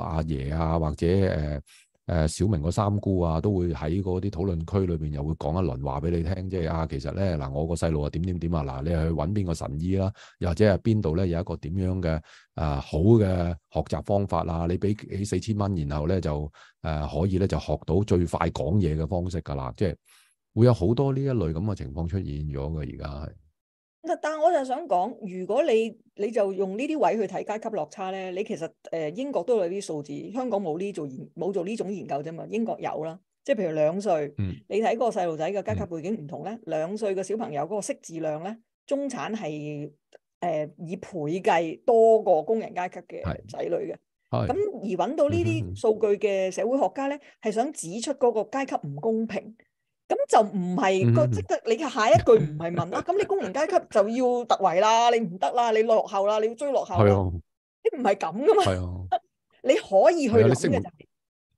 Speaker 2: 阿爺啊，或者誒。呃誒、呃、小明個三姑啊，都會喺嗰啲討論區裏邊又會講一輪話俾你聽，即係啊，其實咧嗱、啊，我個細路啊點點點啊，嗱、啊，你去揾邊個神醫啦、啊，又或者係邊度咧有一個點樣嘅啊好嘅學習方法啊，你俾起四千蚊，然後咧就誒、啊、可以咧就學到最快講嘢嘅方式㗎啦，即係會有好多呢一類咁嘅情況出現咗嘅而家係。
Speaker 3: 嗱，但係我就想講，如果你你就用呢啲位去睇階級落差咧，你其實誒、呃、英國都有啲數字，香港冇呢做研冇做呢種研究啫嘛，英國有啦，即係譬如兩歲，嗯、你睇個細路仔嘅階級背景唔同咧，嗯、兩歲嘅小朋友嗰個識字量咧，中產係誒、呃、以倍計多過工人階級嘅仔女嘅，咁而揾到呢啲數據嘅社會學家咧，係、嗯嗯嗯、想指出嗰個階級唔公平。咁就唔係個即係你嘅下一句唔係問啦，咁你工人階級就要突圍啦，你唔得啦，你落後啦，你要追落後。係啊，你唔係咁噶嘛，你可以去諗嘅就。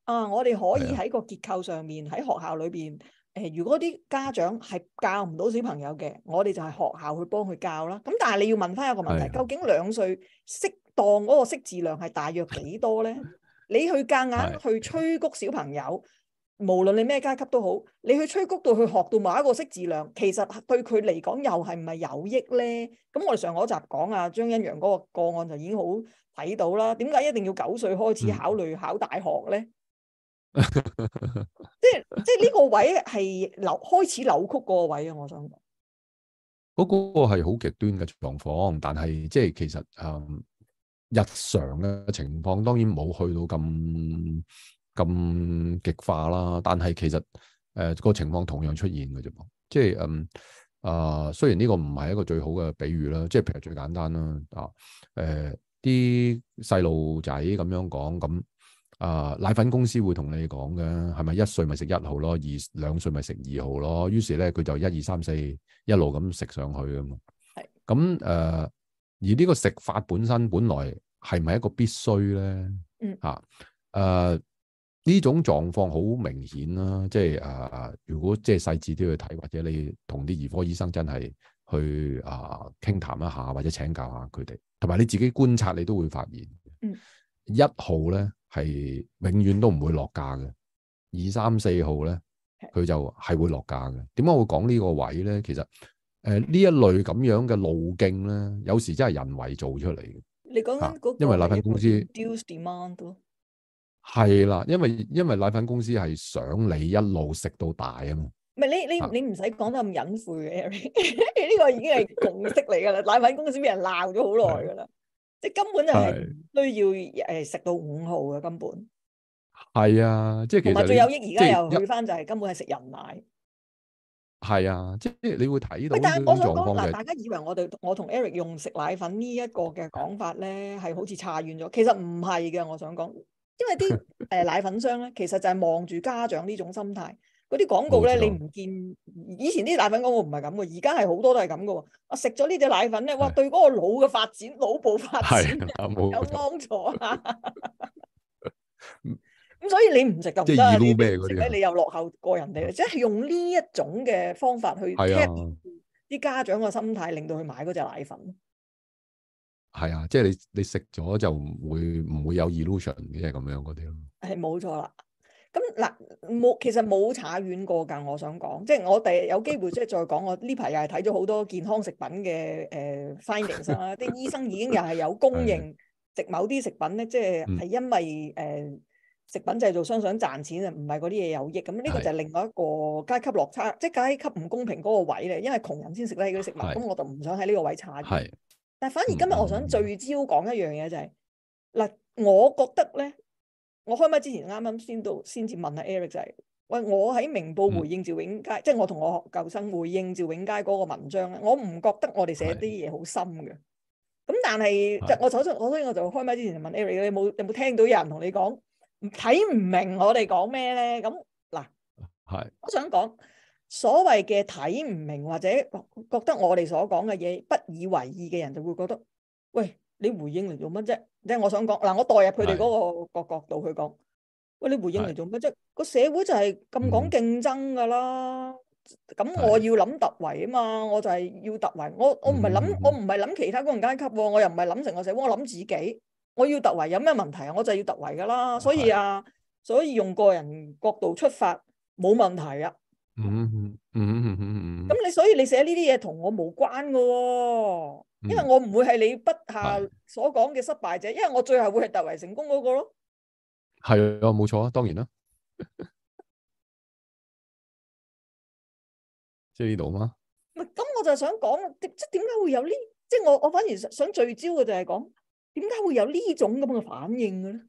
Speaker 3: 啊，我哋可以喺個結構上面喺學校裏邊，誒，如果啲家長係教唔到小朋友嘅，我哋就係學校去幫佢教啦。咁但係你要問翻一個問題，究竟兩歲適當嗰個識字量係大約幾多呢？你去夾硬去催谷小朋友。無論你咩階級都好，你去吹谷到去學到某一個識字量，其實對佢嚟講又係唔係有益咧？咁我哋上嗰集講啊，張欣陽嗰個個案就已經好睇到啦。點解一定要九歲開始考慮考大學咧、嗯？ *laughs* 即係即係呢個位係扭開始扭曲個位啊！我想講，
Speaker 2: 嗰個係好極端嘅狀況，但係即係其實誒、嗯，日常嘅情況當然冇去到咁。咁極化啦，但係其實誒、呃嗰個情況同樣出現嘅啫，即係嗯啊，雖然呢個唔係一個最好嘅比喻啦，即係譬如最簡單啦啊誒啲細路仔咁樣講咁啊，奶粉公司會同你講嘅係咪一歲咪食一號咯，二兩歲咪食二號咯，於是咧佢就一二三四一路咁食上去啊嘛，係咁誒而呢個食法本身本來係咪一個必須咧？嗯嚇誒。啊呃呢種狀況好明顯啦，即係啊、呃，如果即係細緻啲去睇，或者你同啲兒科醫生真係去啊傾、呃、談、談一下，或者請教下佢哋，同埋你自己觀察，你都會發現，嗯，一號咧係永遠都唔會落價嘅，二三四號咧佢是就係會落價嘅。點解會講呢個位咧？其實誒呢、呃、一類咁樣嘅路徑咧，有時真係人為做出嚟
Speaker 3: 嘅。嗯啊、你講緊嗰個，因為那
Speaker 2: 間公司。係啦，因為因為奶粉公司係想你一路食到大啊嘛。
Speaker 3: 唔係，你你你唔使講得咁隱晦嘅，Eric，呢個已經係共識嚟噶啦。奶粉公司俾人鬧咗好耐噶啦，即係根本就係需要誒食到五號嘅根本。
Speaker 2: 係啊，即係其實唔係最有益，而家又去翻
Speaker 3: 就係根本係食人奶。
Speaker 2: 係啊，即係你會睇到。喂，但係我想講嗱，大
Speaker 3: 家以為我哋我同 Eric 用食奶粉呢一個嘅講法咧，係好似差遠咗。其實唔係嘅，我想講。 *laughs* 因為啲誒奶粉商咧，其實就係望住家長呢種心態，嗰啲廣告咧，錯你唔見以前啲奶粉廣告唔係咁嘅，而家係好多都係咁嘅。我食咗呢隻奶粉咧，哇，對嗰個腦嘅發展、腦部的發展有幫助啊！咁 *laughs* *laughs* 所以你唔食就唔得，咧你又落後過人哋，嗯、即係用呢一種嘅方法去 tap 啲家長嘅心態，令到佢買嗰隻奶粉。
Speaker 2: 係啊， *noise* 即係你你食咗就會唔會有 illusion 嘅咁樣嗰啲
Speaker 3: 咯。係冇錯啦。咁嗱，冇其實冇踩軟過噶。我想講，即、就、係、是、我哋有機會即係再講。我呢排又係睇咗好多健康食品嘅誒 findings 啦，啲、呃、醫生已經又係有公認食 *laughs* 對對 某啲食品咧，即係係因為誒、嗯呃、食品製造商想賺錢啊，唔係嗰啲嘢有益。咁呢個就係另外一個階級落差，即係階級唔公平嗰個位咧。因為窮人先食得起嗰啲食物，咁對我，我就唔想喺呢個位踩。的但反而今日我想聚焦講一樣嘢就係，嗱，我覺得咧，我開麥之前啱啱先到先至問阿 Eric 就係，喂，我喺明報回應趙永佳，即係我同我舊生回應趙永佳嗰個文章咧，我唔覺得我哋寫啲嘢好深嘅。咁但係即係我首先，所以我就開麥之前就問 Eric，你有冇有冇聽到有人同你講睇唔明我哋講咩咧？咁嗱，我想講。所謂嘅睇唔明或者覺得我哋所講嘅嘢不以為意嘅人，就會覺得喂，你回應嚟做乜啫？即係我想講，嗱，我代入佢哋嗰個角度去講，喂，你回應嚟做乜啫？就是，個社會就係咁講競爭噶啦，咁的我要諗突圍啊嘛，我就係要突圍。我我唔係諗，我唔係諗其他工人階級，我又唔係諗成個社會，我諗自己，我要突圍有咩問題啊？我就要突圍噶啦，所以啊，的所以用個人角度出發冇問題啊。
Speaker 1: 嗯嗯嗯嗯嗯嗯，咁
Speaker 3: 你所以你寫呢啲嘢同我無關㗎，因為我唔會係你筆下所講嘅失敗者，因為我最後會係突圍成功嗰個咯。
Speaker 2: 係啊，冇錯啊，當然啦。
Speaker 1: 即係呢度嘛？
Speaker 3: 唔係，咁我就想講，即係點解會有呢？即係我我反而想聚焦嘅就係講，點解會有呢種咁嘅反應嘅咧？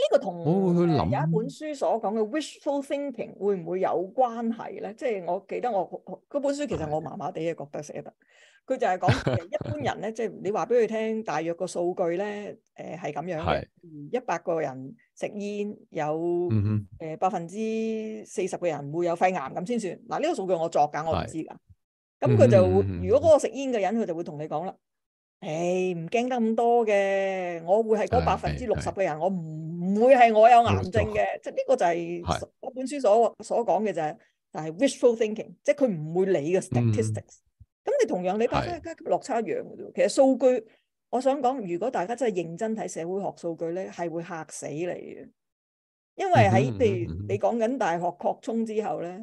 Speaker 3: 呢個同有一本書所講嘅 wishful thinking 會唔會有關係咧？即係我記得我嗰本書其實我麻麻地嘅覺得寫得。佢的就係講一般人咧，即係 *laughs* 你話俾佢聽，大約個數據咧，誒係咁樣嘅，一百的個人食煙有誒百分之四十嘅人會有肺癌咁先算。嗱、呃、呢、呢個數據我作㗎，我唔知㗎。咁佢的、嗯、哼就如果嗰個食煙嘅人，佢就會同你講啦，誒唔驚得咁多嘅，我會係嗰百分之六十嘅人，我唔的。唔會係我有癌症嘅，即係呢個就係嗰本書所是所講嘅就係。但係 wishful thinking，即係佢唔會理嘅 statistics。咁、嗯、你同樣你百是加加落差一樣其實數據，我想講，如果大家真係認真睇社會學數據咧，係會嚇死你嘅。因為喺譬如你講緊大學擴充之後咧，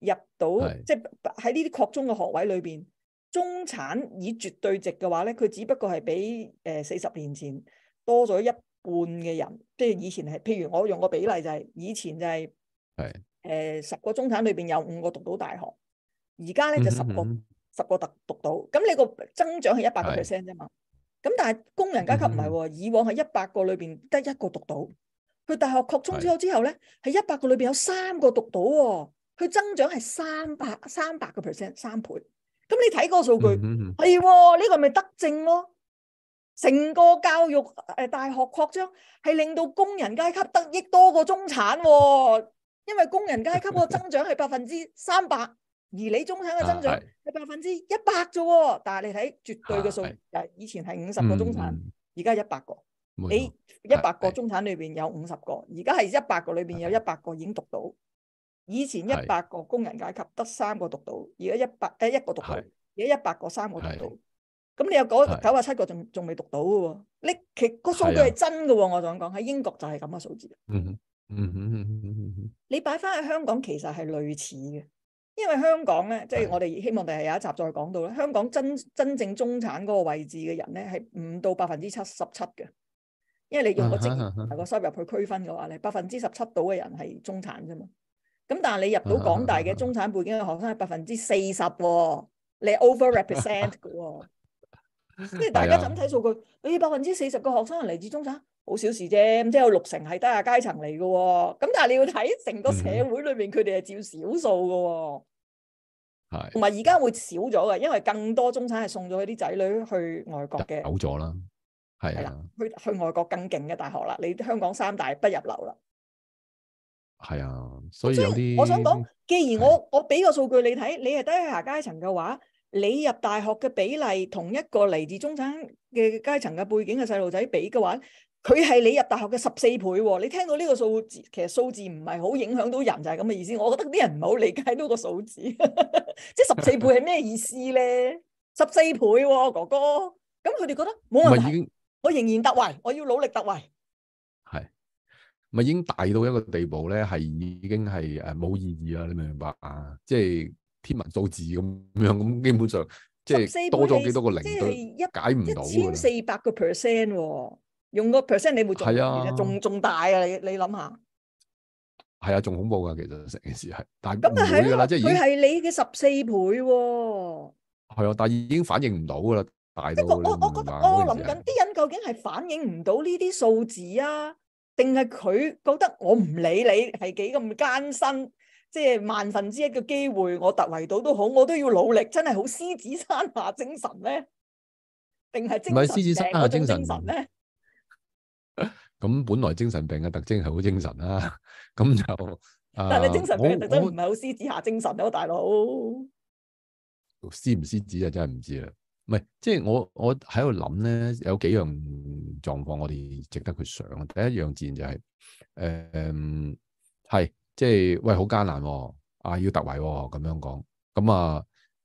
Speaker 3: 入到即係喺呢啲擴充嘅學位裏邊，中產以絕對值嘅話咧，佢只不過係比誒、呃、四十年前多咗一。換嘅人，即係以前係，譬如我用個比例就係、是，以前就係、是，係誒十個中產裏邊有五個讀到大學，而家咧就十個十、嗯嗯、個特讀到。咁你個增長係一百個 percent 啫嘛。咁是但係工人階級唔係喎，嗯嗯以往係一百個裏邊得一個讀到，佢大學擴充咗之後咧，係一百個裏邊有三個讀到喎、啊，佢增長係三百三百個 percent，三倍，咁你睇嗰個數據係喎，呢個咪得正咯。成個教育誒，大學擴張係令到工人階級得益多過中產，哦，因為工人階級個增長係百分之三百， *laughs* 而你中產嘅增長係百分之一百啫。 *laughs* 但係你睇絕對嘅數，以前係五十個中產，而家一百個。 *laughs* 你一百個中產裏邊有五十個，而家係一百個裏邊有一百個已經讀到。以前一百個工人階級得三個讀到，而家一百誒一個讀到，而家一百個三個讀到。 *laughs* *laughs* 咁你有九個七個仲仲未讀到嘅喎、哦？你其、那個數據係真嘅喎、哦，的我想講喺英國就係咁嘅數字。嗯嗯嗯嗯嗯嗯，你擺翻去香港其實係類似嘅，因為香港咧，即、就、係、是、我哋希望第哋有一集再講到咧。的香港真真正中產嗰個位置嘅人咧，係唔到百分之七十七嘅，因為你用個職業同個收入去區分嘅話咧， *laughs* 你百分之十七度嘅人係中產啫嘛。咁但係你入到港大嘅中產背景嘅學生係百分之四十喎，你 over represent 嘅喎、哦。 *laughs* 即係大家咁睇數據？誒、啊，百分之四十個學生嚟自中產，好小事啫。咁即係有六成係低下階層嚟嘅。咁但係你要睇成個社會裏面，佢哋係照少數嘅。
Speaker 1: 係、
Speaker 3: 啊。同埋而家會少咗嘅，因為更多中產係送咗佢啲仔女去外國嘅，走
Speaker 2: 咗啦。係啊，
Speaker 3: 啊，去去外國更勁嘅大學啦。你香港三大不入流啦。
Speaker 2: 係啊，所以，所以我想講，
Speaker 3: 既然我、啊、我俾個數據你睇，你係低下階層嘅話。你入大學嘅比例，同一個嚟自中產嘅階層嘅背景嘅細路仔比嘅話，佢係你入大學嘅十四倍喎。你聽到呢個數字，其實數字唔係好影響到人，就係咁嘅意思。我覺得啲人唔係好理解到個數字，即係十四倍係咩意思咧？十四倍喎，哥哥，咁佢哋覺得冇問題。我仍然突圍，我要努力突圍。
Speaker 2: 係咪已經大到一個地步咧？係已經係誒冇意義啦？你明唔明白啊？即係。天文數字咁樣，咁基本上即係多咗幾多個零都，就是，解唔到千四
Speaker 3: 百個 percent，用個 percent 你會做，係啊，仲仲大啊！你你諗下，
Speaker 2: 係啊，仲恐怖噶，其實成件事係，但係唔會啦，啊，即係佢係
Speaker 3: 你嘅十四倍，哦，
Speaker 2: 係啊，但係已經反映唔到噶啦，大。即係我我我覺
Speaker 3: 得我諗緊啲人究竟係反映唔到呢啲數字啊，定係佢覺得我唔理你係幾咁艱辛？即係萬分之一嘅機會，我突圍到都好，我都要努力，真係好獅子山下精神咧，定係精神病？唔係獅子山下精神咧？
Speaker 2: 咁本來精神病嘅特徵係好精神啦、啊，咁 *laughs* 就但係你精神病嘅特徵唔
Speaker 3: 係好獅子下精神咯、啊，大佬
Speaker 2: 獅唔獅子啊，獅唔獅子就真係唔知啦。唔係，即係我我喺度諗咧，有幾樣狀況我哋值得去想。第一樣自然就係、是、誒、係、嗯。即係喂，好艱難喎、哦！啊，要突圍喎、哦，咁樣講，咁啊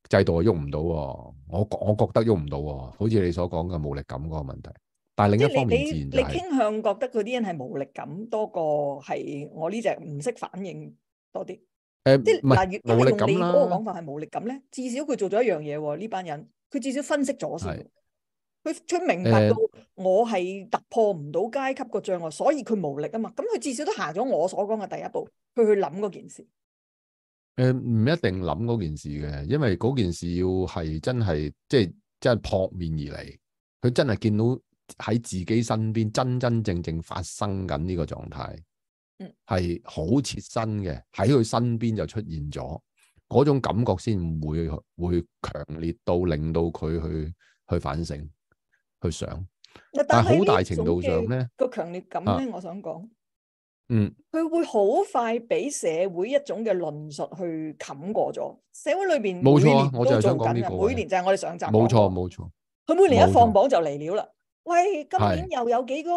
Speaker 2: 制度啊喐唔到，我我我覺得喐唔到，好似你所講嘅無力感嗰個問題。但係另一方面、自然就是你，你傾
Speaker 3: 向覺得佢啲人係無力感多過係我呢隻唔識反應多啲。誒、欸，唔係是，無力感啦。嗰個講法係無力感咧，至少佢做咗一樣嘢，喎，呢班人佢至少分析咗先。佢出明白到我係突破唔到階級個障礙，所以佢無力啊嘛。咁佢至少都行咗我所講嘅第一步，佢去諗嗰件事。
Speaker 2: 誒、呃，唔一定諗嗰件事嘅，因為嗰件事要係真係，即係真係撲面而嚟。佢真係見到喺自己身邊真真正正發生緊呢個狀態，
Speaker 1: 嗯，
Speaker 2: 係好切身嘅，喺佢身邊就出現咗嗰種感覺，先會會強烈到令到佢去去反省。去想，但係好大程度上咧
Speaker 3: 個強烈感咧，啊、我想講，嗯，佢會好快俾社會一種嘅論述去冚過咗。社會裏邊冇錯啊，我就想講，呢個、每年就係我哋上集冇錯冇錯。佢每年一放榜就嚟了啦。錯喂，今年又有幾個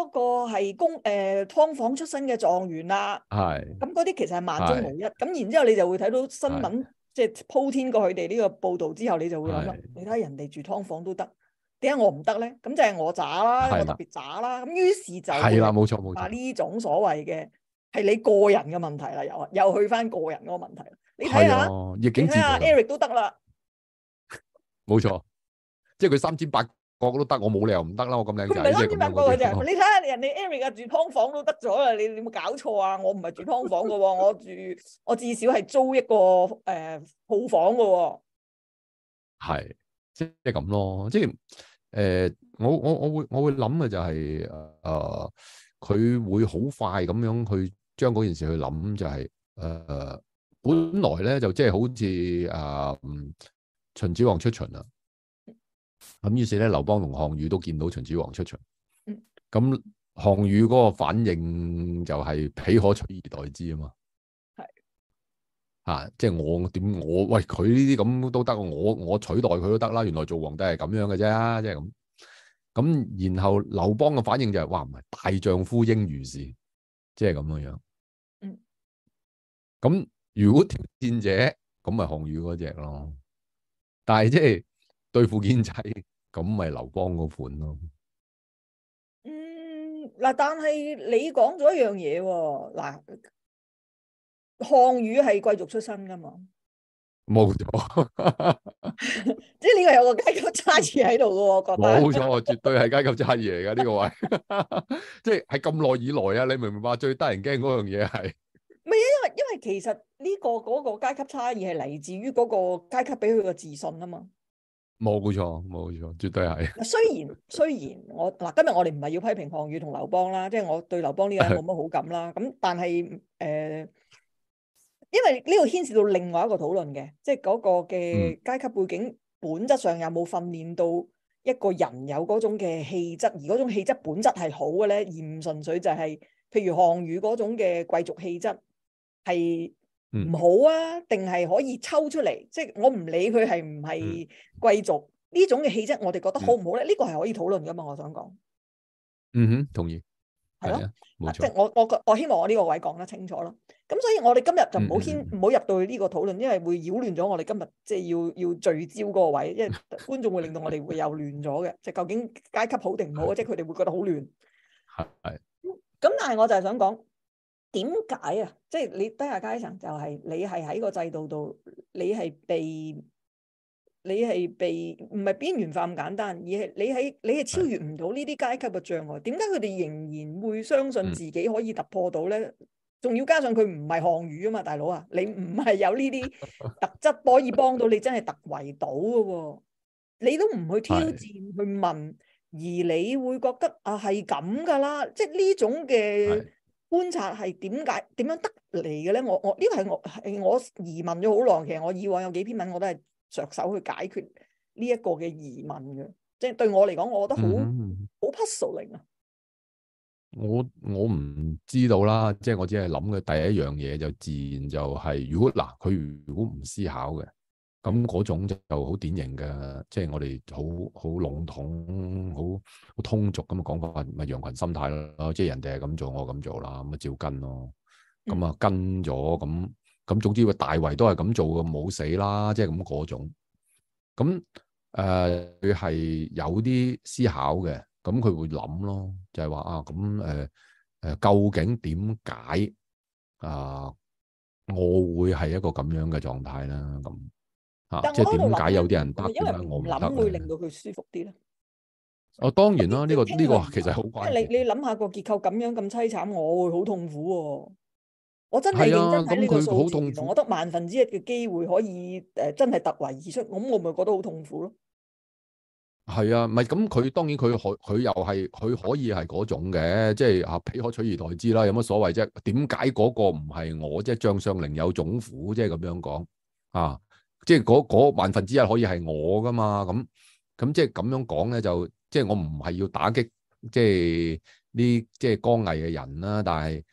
Speaker 3: 係公誒劏房出身嘅狀元啦，啊。係咁，嗰啲其實係萬中無一。咁是然之後你就會睇到新聞，即係鋪天過佢哋呢個報道之後，你就會諗啦。是你睇下人哋住㓥房都得。點解我唔得咧？咁就係我渣啦，我特別渣啦。咁於是就係啦，冇錯冇錯。呢種所謂嘅係你個人嘅問題啦，又啊，又去翻個人嗰個問題。你睇下，你睇下 Eric 都得啦，
Speaker 2: 冇錯。即係佢三千八個都得，我冇理由唔得啦。我咁靚，佢唔係三千八個嘅啫。
Speaker 3: 你睇下人哋 Eric 啊，住劏房都得咗啦。你你有冇搞錯啊？我唔係住劏房嘅，我住我至少係租一個誒鋪房嘅。
Speaker 2: 係即係咁咯，即係。誒、呃，我我我會我會諗嘅就係、是，誒、呃，佢會好快咁樣去將嗰件事去諗、就是，就係誒，本來咧就即係好似啊、呃、秦始皇出巡啦，咁於是咧，劉邦同項羽都見到秦始皇出巡，
Speaker 1: 咁
Speaker 2: 項羽嗰個反應就係彼可取而代之啊嘛。啊！即、就、係、是、我點我喂佢呢啲咁都得，我我，我取代佢都得啦。原來做皇帝係咁樣嘅啫，即係咁。咁然後劉邦嘅反應就係、是：，哇，唔係大丈夫應如是，即係咁樣。嗯。咁如果挑戰者，咁咪項羽嗰隻咯。但係即係對付建制，咁咪劉邦嗰款咯。嗯，
Speaker 3: 嗱、哦，但係你講咗一樣嘢喎，嗱。項羽係貴族出身噶嘛？
Speaker 2: 冇錯沒錯，
Speaker 3: 即係呢個有個階級差異喺度噶喎，我覺得，冇錯，
Speaker 2: 絕對係階級差異嚟噶呢個位，即係喺咁耐以來啊！你明唔明白？最得人驚嗰樣嘢係
Speaker 3: 咪啊？因為因為其實呢、這個嗰、那個階級差異係嚟自於嗰個階級俾佢個自信啊嘛。
Speaker 2: 冇錯，冇錯，絕對係。
Speaker 3: 雖然雖然我嗱今日我哋唔係要批評項羽同劉邦啦，即係我對劉邦呢個冇乜好感啦。咁、嗯、但係誒。呃因為呢個牽涉到另外一個討論嘅，即係嗰個嘅階級背景本質上有冇訓練到一個人有嗰種嘅氣質，而嗰種氣質本質係好嘅咧？而唔純粹就係、是、譬如項羽嗰種嘅貴族氣質係唔好啊？定係、嗯、可以抽出嚟？即係我唔理佢係唔係貴族呢、嗯、種嘅氣質，我哋覺得好唔好咧？呢、嗯、個係可以討論噶嘛？我想講，
Speaker 1: 嗯哼，同意，係咯、啊，
Speaker 3: 冇錯、啊，即係我我我希望我呢個位講得清楚咯。咁所以，我哋今日就唔好牽，唔好入到去呢個討論，因為會擾亂咗我哋今日，即係要要聚焦嗰個位，因為觀眾會令到我哋會又亂咗嘅。即係 *laughs* 究竟階級好定唔好？即係佢哋會覺得好亂。係係。咁但係我就係想講點解啊？即係、就是、你低下階層就係你係喺個制度度，你係被你係被唔係邊緣化咁簡單，而係你喺你係超越唔到呢啲階級嘅障礙。點解佢哋仍然會相信自己可以突破到咧？嗯仲要加上佢唔係漢語啊嘛，大佬啊，你唔係有呢啲特質可以幫到你，真係突圍到嘅喎，你都唔去挑戰的去問，而你會覺得啊係咁噶啦，即係呢種嘅觀察係點解點的樣得嚟嘅咧？我我呢個係我係我疑問咗好耐，其實我以往有幾篇文我都係着手去解決呢一個嘅疑問嘅，即係對我嚟講，我覺得好好 puzzling 啊。嗯嗯
Speaker 2: 我我唔知道啦，即係我只係諗嘅第一樣嘢就自然就係、是，如果嗱佢如果唔思考嘅，咁嗰種就好典型嘅，即係我哋好好籠統、好好通俗咁嘅講法，咪、就是、羊群心態咯，即係人哋係咁做，我咁做啦，咁啊照跟咯，咁啊跟咗咁咁，總之大圍都係咁做，冇死啦，即係咁嗰種，咁誒佢係有啲思考嘅。咁佢會諗咯，就係話啊，咁誒誒，究竟點解啊，我會係一個咁樣嘅狀態咧？咁吓，即係點解有啲人得，點解我唔得咧？我諗會
Speaker 3: 令到佢舒服啲咧？
Speaker 2: 哦，當然啦，呢個呢個其實好怪。你
Speaker 3: 你諗下個結構咁樣咁淒慘，我會好痛苦喎！我真係認真睇呢個數，我得萬分之一嘅機會可以誒，真係突圍而出，咁我咪覺得好痛苦咯？
Speaker 2: 係啊，咪咁佢當然佢可佢又係佢可以係嗰種嘅，即係啊，彼可取而代之啦，有乜所謂啫？點解嗰個唔係我？即係將相寧有種乎，即係咁樣講啊！即係嗰嗰萬分之一可以係我噶嘛？咁咁即係咁樣講咧，就即係我唔係要打擊即係呢即係江毅嘅人啦、啊。但係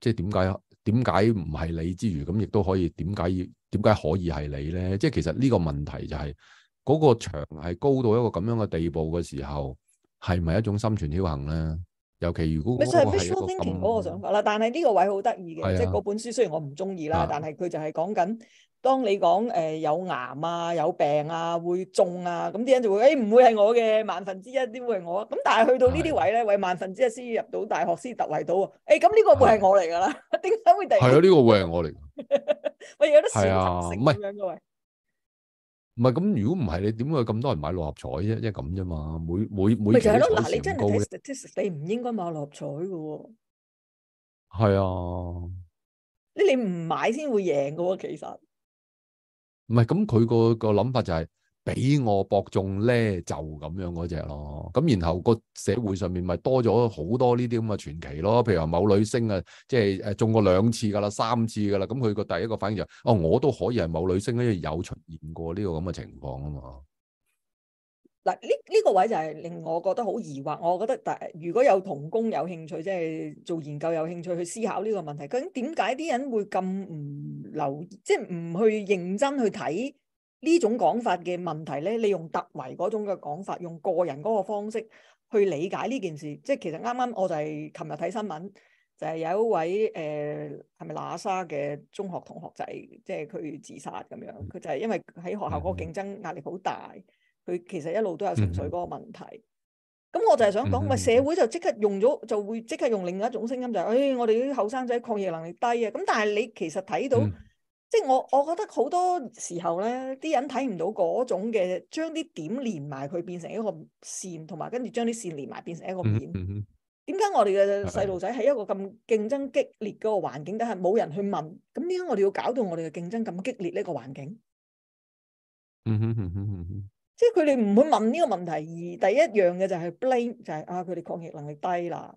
Speaker 2: 即係點解點解唔係你之餘，咁亦都可以點解點解可以係你咧？即係其實呢個問題就係、是。嗰個牆係高到一個咁樣嘅地步嘅時候，係咪一種心存僥倖咧？尤其如果，咪就係 Facebook Thinking
Speaker 3: 嗰個想法啦。但係呢個位好得意嘅，即係嗰本書雖然我唔中意啦，但係佢就係講緊，當你講誒有癌啊、有病啊、會中啊，咁啲人就會誒唔會係我嘅萬分之一？點會係我？咁但係去到呢啲位咧，喂萬分之一先要入到大學先突圍到喎。誒咁呢個會係我嚟㗎啦？點解會係？係啊，呢個會係我嚟。咪有啲笑。係啊，唔係。
Speaker 2: 唔係咁，如果唔係你點會有咁多人買六合彩啫？即係咁啫嘛，每每每嗱，你真係睇
Speaker 3: statistics。你唔應該買六合彩㗎喎。
Speaker 2: 係啊，
Speaker 3: 你你唔買先會贏㗎喎。其實
Speaker 2: 唔係咁，佢個個諗法就係。俾我博中咧，就咁樣嗰隻咯，咁然後個社會上面咪多咗好多呢啲咁嘅傳奇咯，譬如話某女星啊，即係誒中過兩次噶啦，三次噶啦，咁佢個第一個反應就是，哦，我都可以係某女星，因為有出現過呢個咁嘅情況啊嘛。
Speaker 3: 嗱，呢、這、呢個位就係令我覺得好疑惑，我覺得第如果有同工有興趣，即、就、係、是、做研究有興趣去思考呢個問題，究竟點解啲人會咁唔留，即係唔去認真去睇？呢種講法嘅問題咧，你用突圍嗰種嘅講法，用個人嗰個方式去理解呢件事，即係其實啱啱我就係琴日睇新聞，就係、是、有一位誒係咪喇沙嘅中學同學仔，即係佢自殺咁樣，佢就係因為喺學校嗰個競爭壓力好大，佢其實一路都有情緒嗰個問題。咁、嗯、我就係想講，咪社會就即刻用咗，就會即刻用另一種聲音就係、是、誒、哎，我哋啲後生仔抗逆能力低啊！咁但係你其實睇到。嗯即係我，我覺得好多時候咧，啲人睇唔到嗰種嘅，將啲點連埋佢變成一個線，同埋跟住將啲線連埋變成一個面。點解 *laughs* 我哋嘅細路仔喺一個咁競爭激烈嗰個環境底下冇人去問？咁點解我哋要搞到我哋嘅競爭咁激烈呢個環境？
Speaker 1: *laughs*
Speaker 3: 即係佢哋唔會問呢個問題，而第一樣嘅就係 blame，就係、是、啊佢哋抗逆能力低啦，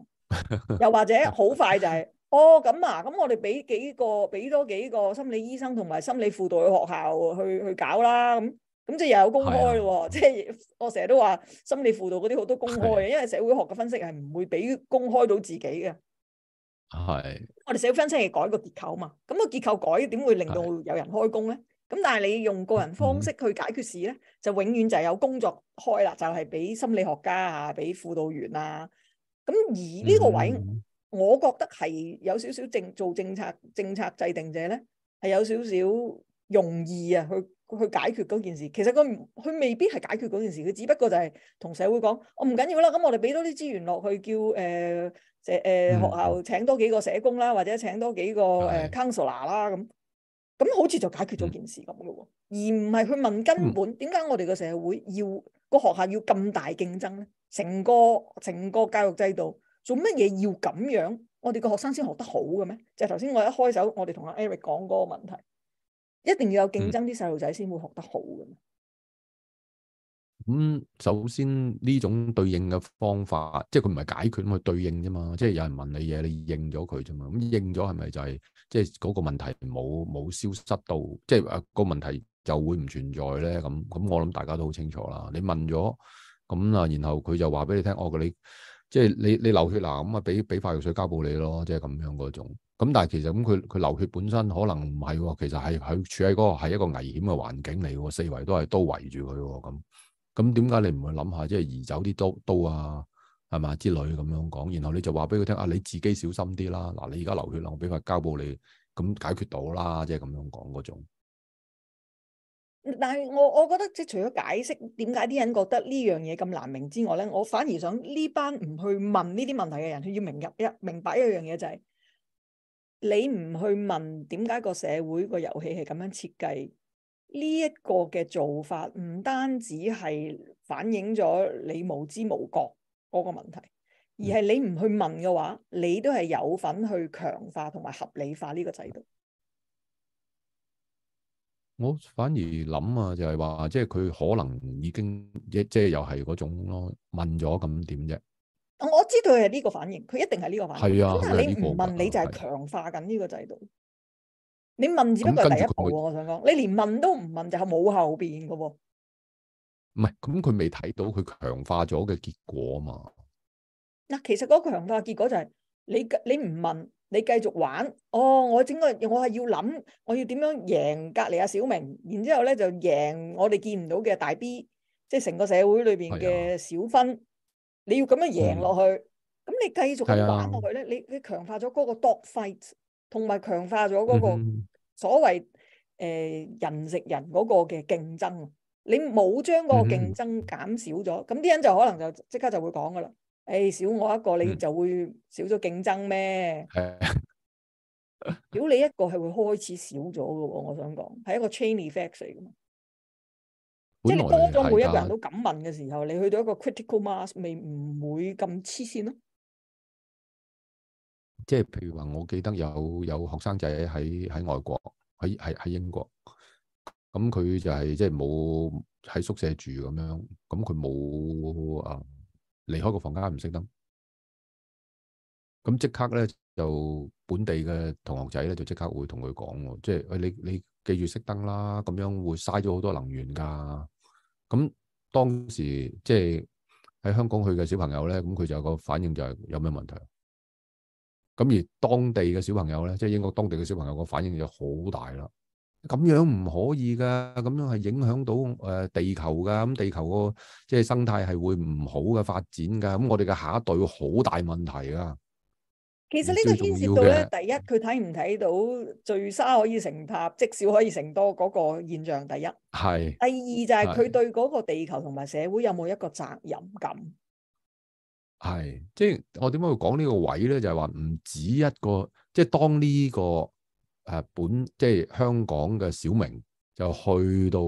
Speaker 3: 又或者好快就係、是。 *laughs* 哦，咁啊，咁我哋俾幾個，俾多幾個心理醫生同埋心理輔導去學校去去搞啦，咁咁即係又有工開咯，即係我成日都話心理輔導嗰啲好多工開嘅，因為社會學嘅分析係唔會俾工開到自己嘅。
Speaker 1: 係。
Speaker 3: 我哋社會分析係改個結構啊嘛，咁個結構改點會令到有人開工咧？咁但係你用個人方式去解決事咧，就永遠就係有工作開啦，就係俾心理學家啊，俾輔導員啊，咁而呢個位。我覺得係有少少政做政策政策制定者咧，係有少少容易啊，去去解決嗰件事。其實佢佢未必係解決嗰件事，佢只不過就係同社會講，我唔緊要啦。咁我哋俾多啲資源落去，叫誒誒、呃呃、學校請多幾個社工啦，或者請多幾個誒、嗯呃、counselor 啦，咁咁好似就解決咗件事咁嘅。嗯、而唔係去問根本，點解我哋個社會要個學校要咁大競爭咧？成個成個教育制度。做乜嘢要咁樣？我哋個學生先學得好嘅咩？就頭、是、先我一開手，我哋同阿 Eric 講嗰個問題，一定要有競爭啲細路仔先會學得好嘅咩？
Speaker 2: 咁、嗯、首先呢種對應嘅方法，即係佢唔係解決，咁係對應啫嘛。即係有人問你嘢，你應咗佢啫嘛。咁應咗係咪就係、是、即係嗰個問題冇冇消失到？即係個問題就會唔存在咧？咁咁我諗大家都好清楚啦。你問咗咁啊，然後佢就話俾你聽，我嘅你。哦你即係你你流血啦，咁啊俾俾塊藥水膠布你咯，即係咁樣嗰種。咁但係其實咁佢佢流血本身可能唔係，其實係佢處喺嗰個係一個危險嘅環境嚟，四圍都係刀圍住佢。咁咁點解你唔去諗下，即係移走啲刀刀啊，係嘛之類咁樣講，然後你就話俾佢聽啊，你自己小心啲啦。嗱，你而家流血啦，我俾塊膠布你，咁解決到啦，即係咁樣講嗰種。
Speaker 3: 但係我，我覺得即除咗解釋點解啲人覺得呢樣嘢咁難明之外咧，我反而想呢班唔去問呢啲問題嘅人，佢要明入一明白一樣嘢就係，你唔去問點解個社會個遊戲係咁樣設計呢一個嘅做法，唔單止係反映咗你無知無覺嗰個問題，而係你唔去問嘅話，你都係有份去強化同埋合理化呢個制度。
Speaker 2: 我反而諗啊，就係話，即係佢可能已經即即係又係嗰種咯，問咗咁點啫？
Speaker 3: 我知道係呢個反應，佢一定係呢個反應。係啊，你唔問你就係強化緊呢個制度。啊啊、你問只不過係第一步，啊。我想講，你連問都唔問就係冇後邊噶喎。
Speaker 2: 唔係，咁佢未睇到佢強化咗嘅結果
Speaker 3: 嘛？嗱，其實嗰強化結果就係你你唔問。你繼續玩，哦，我整個我係要諗，我要點樣贏隔籬阿小明，然之後咧就贏我哋見唔到嘅大 B，即係成個社會裏邊嘅小分，啊、你要咁樣贏落去，咁、嗯、你繼續玩落去咧，啊、你你強化咗嗰個 dog fight，同埋強化咗嗰個所謂誒、嗯呃、人食人嗰個嘅競爭，你冇將嗰個競爭減少咗，咁啲、嗯嗯、人就可能就即刻就會講㗎喇。誒、哎，少我一個你就會少咗競爭咩？係是的，如 *laughs* 果你一個係會開始少咗嘅，我想講係一個 chain effect 嚟噶嘛。即
Speaker 1: 係本來 你多咗每一個人都
Speaker 3: 咁問嘅時候，的你去到一個 critical mass 咪唔會咁黐線咯？
Speaker 2: 即係譬如話，我記得有有學生仔喺喺外國，喺喺喺英國，咁佢就係即係冇喺宿舍住咁樣，咁佢冇啊。離開個房間唔熄燈，咁即刻咧就本地嘅同學仔咧就即刻會同佢講，即係，喂，你你記住熄燈啦，咁樣會嘥咗好多能源噶。咁當時即係喺香港去嘅小朋友咧，咁佢就有個反應就係有咩問題？咁而當地嘅小朋友咧，即係英國當地嘅小朋友個反應就好大啦。咁樣唔可以噶，咁樣係影響到誒地球噶，咁地球個即係生態係會唔好嘅發展噶，咁我哋嘅下一代會好大問題噶。
Speaker 3: 其實呢個牽涉到咧，第一佢睇唔睇到聚沙可以成塔，積少可以成多嗰個現象。第一係，是第二就係、是、佢是對嗰個地球同埋社會有冇一個責任感。
Speaker 2: 係，即係我點解會講呢個位咧？就係話唔止一個，即係當呢、這個。誒，本即係香港嘅小明就去到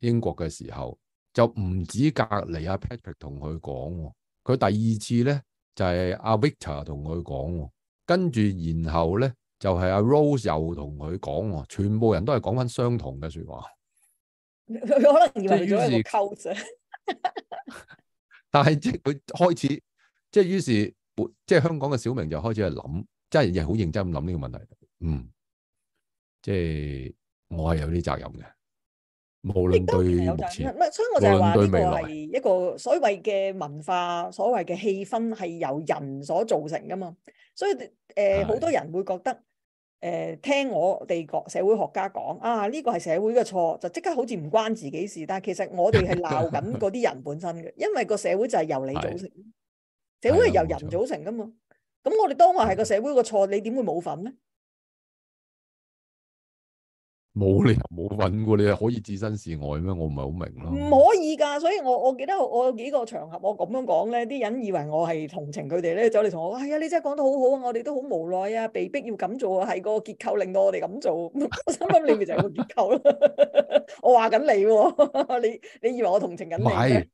Speaker 2: 英國嘅時候，就唔止隔籬阿 Patrick 同佢講，佢第二次咧就係阿 Victor 同佢講，跟住然後咧就係阿 Rose 又同佢講，全部人都係講翻相同嘅說話，
Speaker 3: 佢可能以為咗係溝仔。
Speaker 2: *laughs* 但係即係佢開始，即係於是即係香港嘅小明就開始去諗，真係好認真咁諗呢個問題，嗯。即係我係有啲責任嘅，無論對目前，無論對未來，呢個係
Speaker 3: 一個所謂嘅文化，所謂嘅氣氛係由人所造成噶嘛。所以誒，好、呃、是的 多人會覺得誒、呃，聽我哋個社會學家講啊，呢、這個係社會嘅錯，就即刻好似唔關自己事。但係其實我哋係鬧緊嗰啲人本身嘅， *laughs* 因為個社會就係由你組成，的社會係由人組成噶嘛。咁我哋當話係個社會嘅錯，你點會冇份咧？
Speaker 2: 冇理由冇揾過，你又可以置身事外咩？我唔係好明咯。
Speaker 3: 唔可以㗎，所以我我記得我有幾個場合，我咁樣講咧，啲人以為我係同情佢哋咧，走嚟同我話：係啊，你真係講得好好啊！我哋都好無奈啊，被逼要咁做啊，係個結構令到我哋咁做。我心諗你咪就係個結構咯。我話緊你喎，你你以為我同情緊咩咧？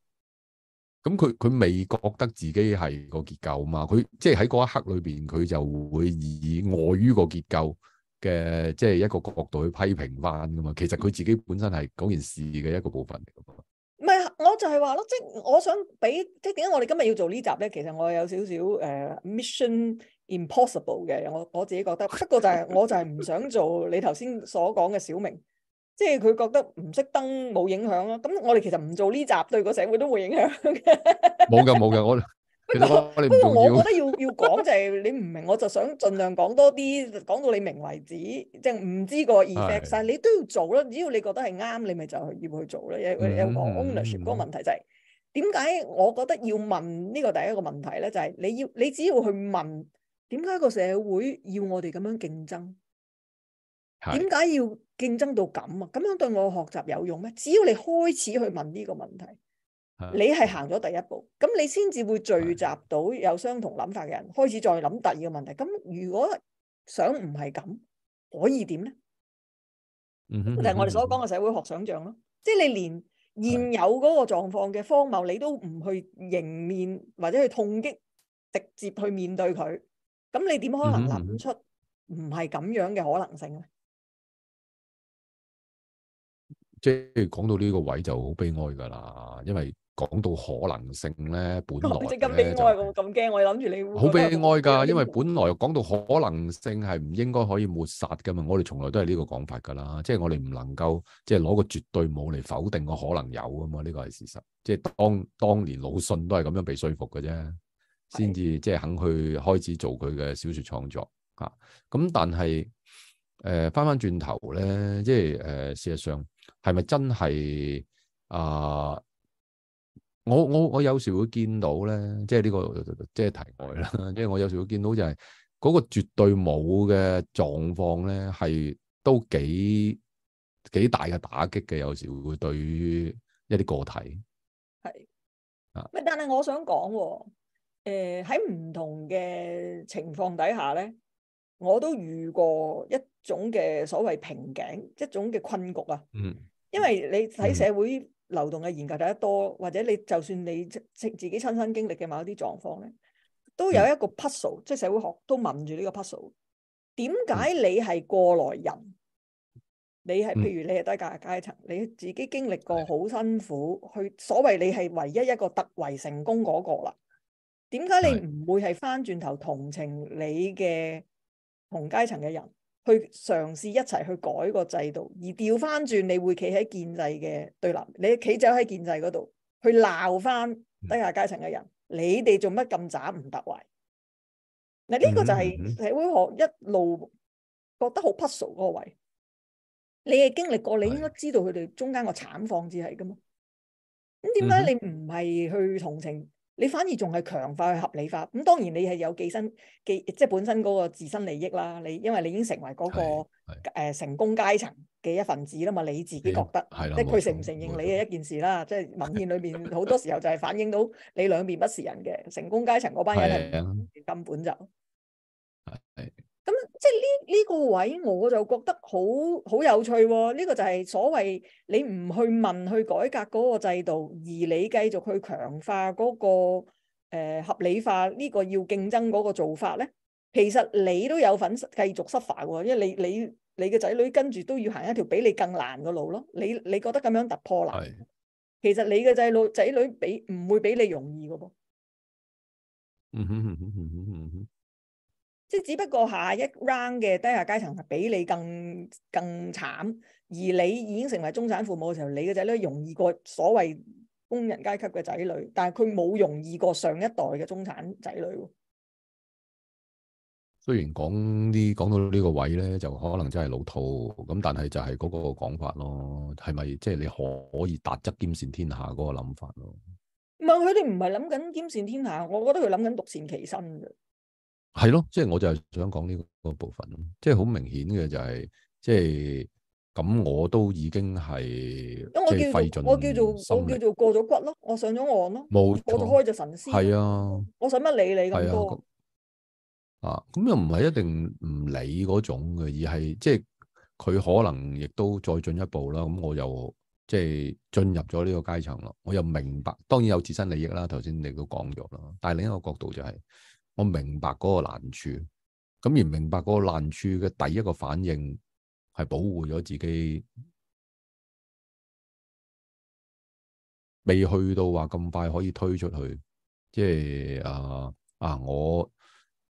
Speaker 2: 唔係，咁佢佢未覺得自己係個結構嘛？佢即係喺嗰一刻裏邊，佢就會以外於個結構。嘅即係一個角度去批評翻噶嘛，其實佢自己本身係嗰件事嘅一個部分嚟
Speaker 3: 嘅。唔係，我就係話咯，即係我想俾即係點解我哋今日要做呢集咧？其實我有少少誒 Mission Impossible 嘅，我我自己覺得。不過就係我就係唔想做你頭先所講嘅小明，即係佢覺得唔熄燈冇影響咯。咁我哋其實唔做呢集對個社會都會影響嘅。
Speaker 2: 冇噶冇噶，我。
Speaker 3: 不過不過我覺得要要講就係你唔明， *laughs* 我就想盡量講多啲，講到你明為止。即係唔知個 effect 是，你都要做囉。只要你覺得係啱，你咪就要去做囉。有有講 ownership 嗰個問題就係、是，點解我覺得要問呢個第一個問題咧？就係、是、你要你只要去問，點解個社會要我哋咁樣競爭？點解是要競爭到咁啊？咁樣對我學習有用咩？只要你開始去問呢個問題。你係行咗第一步，咁你先至會聚集到有相同諗法嘅人，的開始再諗第二個問題。咁如果想唔係咁，可以點咧？
Speaker 1: 嗯哼，就係我哋所
Speaker 3: 講嘅社會學想象咯。即係你連現有嗰個狀況嘅荒謬，的你都唔去迎面或者去痛擊，直接去面對佢。咁你點可能諗出唔係咁樣嘅可能性咧、嗯？
Speaker 2: 即係講到呢個位就好悲哀噶啦，因為，講到可能性咧，本來我諗住
Speaker 3: 你會好悲哀
Speaker 2: 噶，因為本來講到可能性係唔應該可以抹殺噶嘛，我哋從來都係呢個講法噶啦，即係我哋唔能夠即係攞個絕對冇嚟否定個可能有啊嘛，呢個係事實。即係當當年魯迅都係咁樣被說服嘅啫，先至的即係肯去開始做佢嘅小說創作啊。咁但係誒翻翻轉頭咧，即係誒、呃、事實上係咪真係啊？我我我有時會見到咧，即係呢、這個即係題外啦。的即係我有時會見到就係嗰個絕對冇嘅狀況咧，係都幾幾大嘅打擊嘅。有時會對於一啲個體
Speaker 3: 係啊，但係我想講，誒喺唔同嘅情況底下咧，我都遇過一種嘅所謂瓶頸，一種嘅困局啊。嗯，因為你喺社會、嗯。流動嘅研究睇得多，或者你就算你自自己親身經歷嘅某啲狀況咧，都有一個 puzzle，即係社會學都問住呢個 puzzle。點解你係過來人？嗯、你係譬如你係低下階層，你自己經歷過好辛苦，去所謂你係唯一一個突圍成功嗰個啦。點解你唔會係翻轉頭同情你嘅同階層嘅人？去嘗試一齊去改個制度，而調翻轉你會企喺建制嘅對立，你企走喺建制嗰度去鬧翻低下階層嘅人，mm hmm. 你哋做乜咁渣唔得位？
Speaker 1: 嗱，呢個就係社
Speaker 3: 會學一路覺得好 puzzle 嗰個位，你係經歷過，你應該知道佢哋中間個慘況之係㗎嘛。咁點解你唔係去同情？Mm hmm. 你反而仲係強化去合理化，咁當然你係有自身、即係本身嗰個自身利益啦。你因為你已經成為嗰、嗰個的、呃、成功階層嘅一份子啦嘛，你自己覺得，即係佢承唔承認你嘅一件事啦。即係錯文獻裏面好多時候就係反映到你兩面不是人嘅 *laughs* 成功階層嗰班人根本就。即係呢呢個位，我就覺得好好有趣喎、哦！呢、這個就係所謂你唔去問去改革嗰個制度，而你繼續去強化嗰、嗰個、呃、合理化呢個要競爭嗰個做法咧，其實你都有份繼續失化喎，因為你你你嘅仔女跟住都要行一條比你更難嘅路咯。你你覺得咁樣突破難？是其實你嘅仔女仔女比唔會比你容易嘅噃。嗯哼嗯哼嗯
Speaker 1: 哼嗯
Speaker 3: 即只不過下一 round 嘅低下階層係比你更更慘，而你已經成為中產父母嘅時候，你嘅仔女容易過所謂工人階級嘅仔女，但係佢冇容易過上一代嘅中產仔女。
Speaker 2: 雖然講啲講到呢個位咧，就可能真係老套咁，但係就係嗰個講法咯，係咪即係你可以達則兼善天下嗰個諗法咯？
Speaker 3: 唔係，佢哋唔係諗緊兼善天下，我覺得佢諗緊獨善其身啫。
Speaker 2: 係咯，即係我就係想講呢個部分咯，即係好明顯嘅就係、是，即係咁我都已經係即係廢盡，我叫做
Speaker 3: 我叫做過咗骨咯，我上咗岸咯，錯我就開咗神仙，係的啊，我使乜理你咁
Speaker 2: 多啊？咁又唔係一定唔理嗰種嘅，而係即係佢可能亦都再進一步啦。咁我又即係進入咗呢個階層咯，我又明白，當然有自身利益啦。頭先你都講咗啦，但係另一個角度就係、是。我明白嗰個難處，咁而明白嗰個難處嘅第一個反應係保護咗自己，未去到話咁快可以推出去，即係啊啊我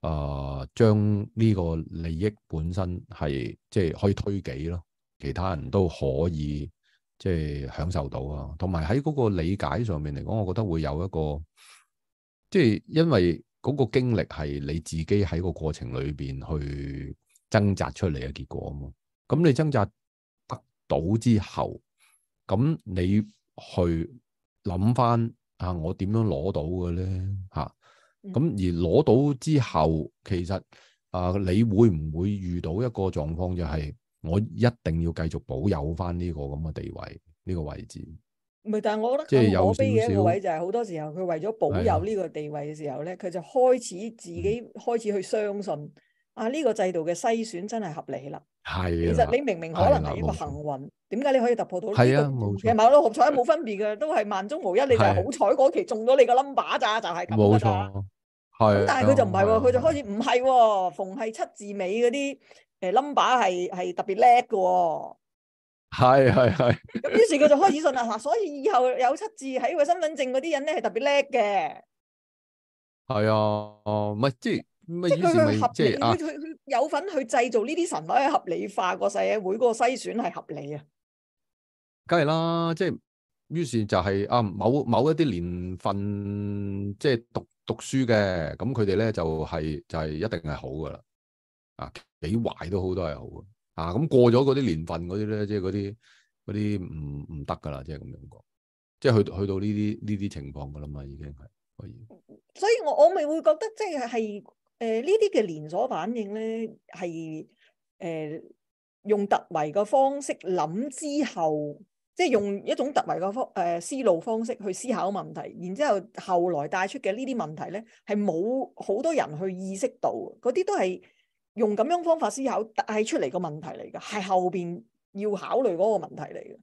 Speaker 2: 啊將呢個利益本身係即係可以推己咯，其他人都可以即係享受到啊，同埋喺嗰個理解上面嚟講，我覺得會有一個即係因為。嗰個經歷係你自己喺個過程裏邊去掙扎出嚟嘅結果啊嘛，咁你掙扎得到之後，咁你去諗翻啊，我點樣攞到嘅咧嚇？咁、啊、而攞到之後，其實啊，你會唔會遇到一個狀況就係我一定要繼續保有翻呢個咁嘅地位呢、呢個位置？
Speaker 3: 唔係，但係我覺得好可悲嘅一個位就係好多時候佢為咗保有呢個地位嘅時候咧，佢的就開始自己開始去相信、嗯、啊呢、呢個制度嘅篩選真係合理啦。
Speaker 2: 係啊的，其實你明明可能係一個
Speaker 3: 幸運，點解的你可以突破到呢、呢個？啊，其實買六合彩冇的分別嘅，都係萬中無一，的你就好彩嗰期中咗你個 number 咋，就係咁冇
Speaker 2: 錯，係。咁但係佢就唔係喎，佢的就
Speaker 3: 開始唔係喎，逢係七字尾嗰啲誒 number 係係特別叻嘅喎。
Speaker 2: 係係係，
Speaker 3: 咁於是佢就開始信啦。嗱、 *laughs* 啊，所以以後有七字喺個、哎、身份證嗰啲人咧係特別叻嘅。
Speaker 2: 係啊，哦，唔、嗯、係即係，係、嗯、佢即合佢佢、啊、
Speaker 3: 有份去製造呢啲神話嘅合理化世個社會個篩選係合理
Speaker 2: 啊。梗係啦，即係，於是就係、是、啊，某某一啲年份即係讀讀書嘅，咁佢哋咧就係、是、就係、是、一定係好噶啦。啊，幾壞都好都係好。啊，咁、嗯、過咗嗰啲年份嗰啲咧，即係嗰啲啲唔唔得噶啦，即係咁樣講，即係去去到呢啲呢啲情況噶啦嘛，已經係可以。
Speaker 3: 所以，所以我我咪會覺得，即係係誒呢啲嘅連鎖反應咧，係誒、呃、用突圍嘅方式諗之後，即係用一種突圍嘅方誒、呃、思路方式去思考問題，然之後後來帶出嘅呢啲問題咧，係冇好多人去意識到，嗰啲都係。用咁樣方法思考係出嚟個問題嚟噶，係後邊要考慮嗰個問題嚟噶。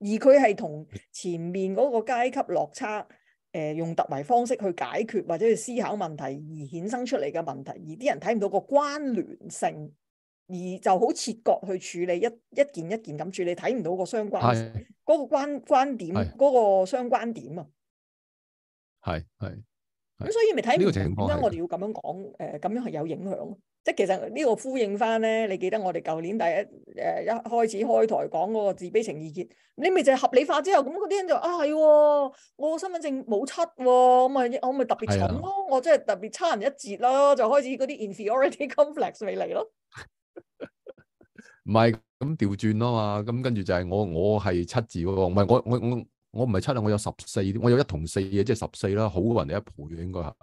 Speaker 3: 而佢係同前面嗰個階級落差，誒、呃，用突圍方式去解決或者去思考問題而衍生出嚟嘅問題，而啲人睇唔到個關聯性，而就好切割去處理一一件一件咁處理，睇唔到個相關，嗰是個關觀點，是個相關點啊，
Speaker 1: 係係
Speaker 3: 咁，所以咪睇唔明點解我哋要咁樣講？誒的，咁、呃、樣係有影響即其實呢個呼應翻咧，你記得我哋舊年第一誒、呃、一開始開台講嗰個自卑情意結，你咪就係合理化之後，咁嗰啲人就啊係喎、啊，我個身份證冇七喎，咁啊我咪特別蠢咯，我，別、啊、我真係特別差人一截咯，就開始嗰啲 inferiority complex 未嚟咯。唔
Speaker 2: 係咁調轉啊嘛，咁跟住就係我我係七字喎，唔係我我我我唔係七啊，我有十四，我有一同四嘅，即係十四啦，好過人哋一倍嘅應該係。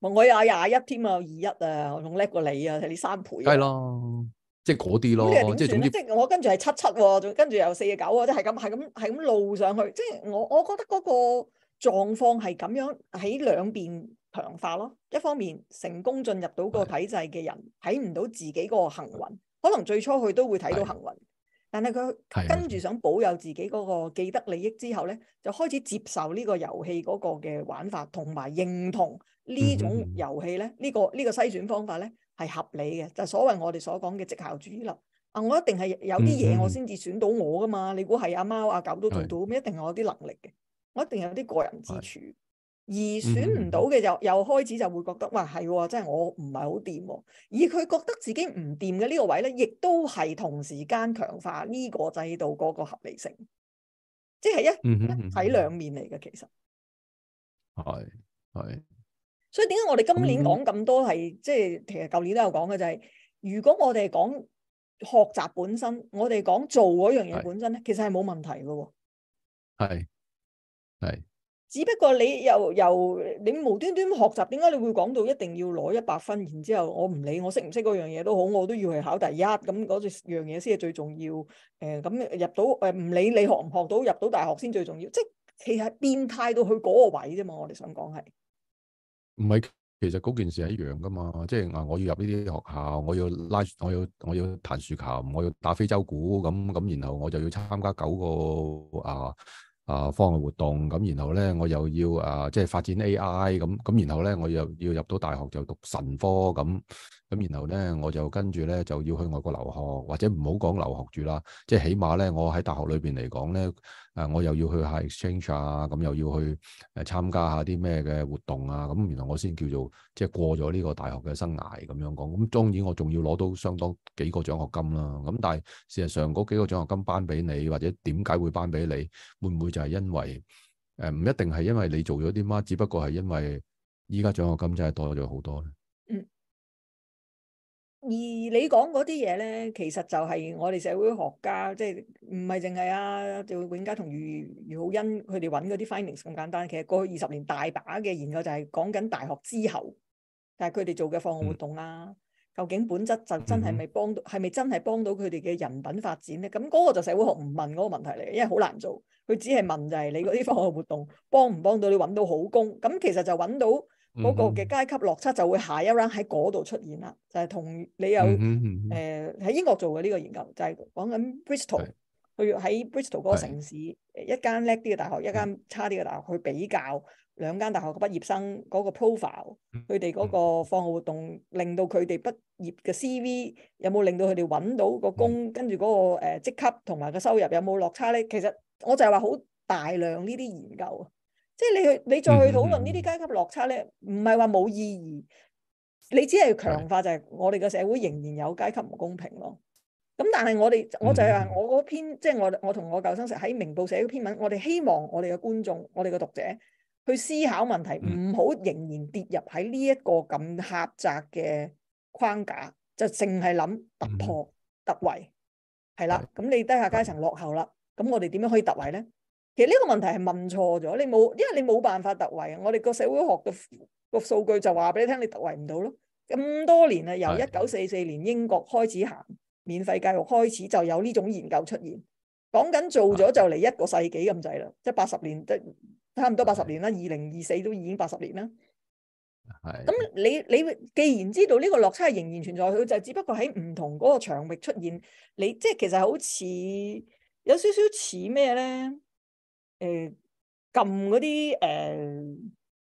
Speaker 3: 我又廿廿一添啊，二一啊，我仲叻過你啊，睇你三倍係、啊、
Speaker 2: 咯，即係嗰啲咯，即係總之，即係
Speaker 3: 我跟住係七七，跟住又四十九，即係咁，係咁，係咁路上去。即係我，我覺得嗰個狀況係咁樣喺兩邊強化咯。一方面，成功進入到個體制嘅人睇唔的到自己嗰個幸運，可能最初佢都會睇到幸運，的但係佢跟住想保有自己嗰個既得利益之後咧，就開始接受呢個遊戲嗰個嘅玩法同埋認同。呢種遊戲咧，呢、這個呢、這個篩選方法咧係合理嘅，就係、是、所謂我哋所講嘅績效主義喇。啊，我一定係有啲嘢我先至選到我㗎嘛？嗯、你估係阿貓阿、啊、狗都做到咩？的一定係有啲能力嘅，我一定有啲過人之處。的而選唔到嘅就又開始就會覺得，嗯、哇，係、啊、真係我唔係好掂喎。而佢覺得自己唔掂嘅呢個位咧，亦都係同時間強化呢個制度嗰個合理性，即係一一體、嗯、兩面嚟嘅，其實
Speaker 1: 係係。
Speaker 3: 所以點解我哋今年講咁多係，即係、嗯、其實舊年都有講嘅就係、是，如果我哋講學習本身，我哋講做嗰樣嘢本身咧，是其實係冇問題嘅。係係，只不過你又又你無端端學習，點解你會講到一定要攞一百分？然之後我唔理我識唔識嗰樣嘢都好，我都要係考第一，咁嗰隻樣嘢先係最重要。誒、呃，咁入到誒唔、呃、理你學唔學到入到大學先最重要。即係其實變態到去嗰個位啫嘛，我哋想講係。
Speaker 2: 唔係，其實嗰件事係一樣噶嘛，即係啊，我要入呢啲學校，我要拉，我要我要彈豎琴，我要打非洲鼓，咁咁，然後我就要參加九個啊啊方嘅活動，咁然後咧我又要啊，即係發展 AI，咁咁，然後咧我又要，要入到大學就讀神科咁。咁然後咧，我就跟住咧就要去外國留學，或者唔好講留學住啦，即係起碼咧，我喺大學裏邊嚟講咧，誒我又要去下 exchange 啊，咁又要去誒參加下啲咩嘅活動啊，咁原來我先叫做即係過咗呢個大學嘅生涯咁樣講。咁當然我仲要攞到相當幾個獎學金啦。咁但係事實上嗰幾個獎學金頒俾你，或者點解會頒俾你？會唔會就係因為誒唔一定係因為你做咗啲乜，只不過係因為依家獎學金真係多咗好多咧。
Speaker 3: 而你講嗰啲嘢咧，其實就係我哋社會學家，即係唔係淨係阿趙永佳同余余浩欣佢哋揾嗰啲 findings 咁簡單。其實過去二十年大把嘅研究就係講緊大學之後，但係佢哋做嘅課外活動啦、啊，究竟本質就真係咪幫到，係咪真係幫到佢哋嘅人品發展咧？咁嗰個就社會學唔問嗰個問題嚟，因為好難做。佢只係問就係你嗰啲課外活動幫唔幫到你揾到好工？咁其實就揾到。嗰個嘅階級落差就會下一 round 喺嗰度出現啦，就係、是、同你有誒喺、 *music* 呃、英國做嘅呢個研究，就係、是、講緊 Bristol，是去喺 Bristol 嗰個城市，是一間叻啲嘅大學，一間差啲嘅大學去比較兩間大學嘅畢業生嗰個 profile，佢哋嗰個放學活動令到佢哋畢業嘅 CV 有冇令到佢哋揾到個工，是跟住嗰、那個誒、呃、職級同埋個收入有冇落差咧？其實我就係話好大量呢啲研究即係你去，你再去討論呢啲階級落差咧，唔係話冇意義，你只係強化就係我哋嘅社會仍然有階級唔公平咯。咁但係我哋，我就係話我嗰篇，嗯、即係我我同我舊生寫喺明報嗰篇文，我哋希望我哋嘅觀眾，我哋嘅讀者去思考問題，唔好、嗯、仍然跌入喺呢一個咁狹窄嘅框架，就淨係諗突破、嗯、突圍，係啦。咁、嗯、你低下階層落後啦，咁我哋點樣可以突圍咧？其實呢個問題係問錯咗，你冇，因為你冇辦法突圍嘅。我哋個社會學嘅個數據就話俾你聽，你突圍唔到咯。咁多年啦，由一九四四年的英國開始行免費教育開始，就有呢種研究出現。講緊做咗就嚟，一個世紀咁滯啦，的即係八十年，即差唔多八十年啦。二零二四都已經八十年啦。
Speaker 1: 係咁
Speaker 3: 的，你你既然知道呢個落差仍然存在，佢就只不過喺唔同嗰個場域出現。你即係其實好似有少少似咩咧？誒，撳嗰啲誒，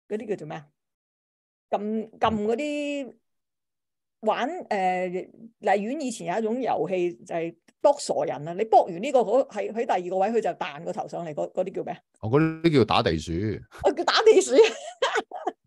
Speaker 3: 嗰啲、呃、叫做咩啊？撳撳嗰啲玩誒，荔、呃、園以前有一種遊戲就係、是、卜傻人啊！你卜完呢、這個，係喺第二個位，佢就彈個頭上嚟，嗰啲叫咩
Speaker 2: 啊？我嗰啲叫打地鼠。
Speaker 3: 我叫打地鼠，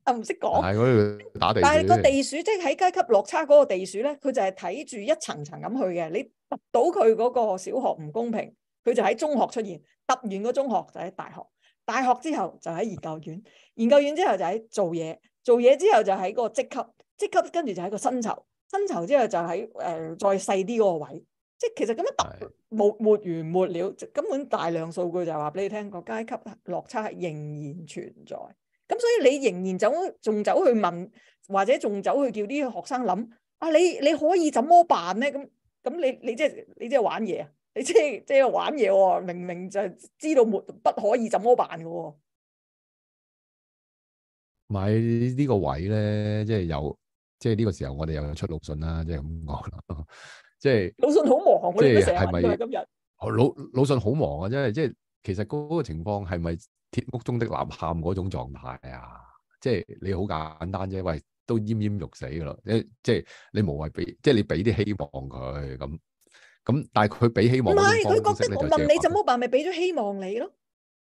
Speaker 3: 啊唔識講。係打地鼠。但係個地鼠即係喺階級落差嗰個地鼠咧，佢就係睇住一層層咁去嘅。你揼到佢嗰個小學唔公平。佢就喺中學出現，揼完個中學就喺大學，大學之後就喺研究院，研究院之後就喺做嘢，做嘢之後就喺個職級，職級跟住就喺個薪酬，薪酬之後就喺誒、呃、再細啲嗰個位。即係其實咁樣揼冇沒，沒完沒了，根本大量數據就係話俾你聽，個階級落差係仍然存在。咁所以你仍然走，仲走去問或者仲走去叫啲學生諗啊，你你可以怎麼辦呢？咁咁你你即係你即係玩嘢啊！你即即玩嘢喎、哦，明明就知道冇不可以，怎麼辦嘅
Speaker 2: 喎、哦？咪呢個位咧，即係又即係呢個時候我、就是就是，我哋又出魯迅啦，即係咁講即係魯迅好
Speaker 3: 忙，即係係咪今日
Speaker 2: 天？魯魯迅好忙啊，即係即係其實嗰個情況係咪鐵屋中的吶喊嗰種狀態啊？即、就、係、是、你好簡單啫，喂，都奄奄欲死咯，即即係你無謂俾，即、就、係、是、你俾啲希望佢咁。咁但係佢俾希望是，唔係佢覺得我問你怎麼
Speaker 3: 辦，咪俾咗希望你
Speaker 2: 咯？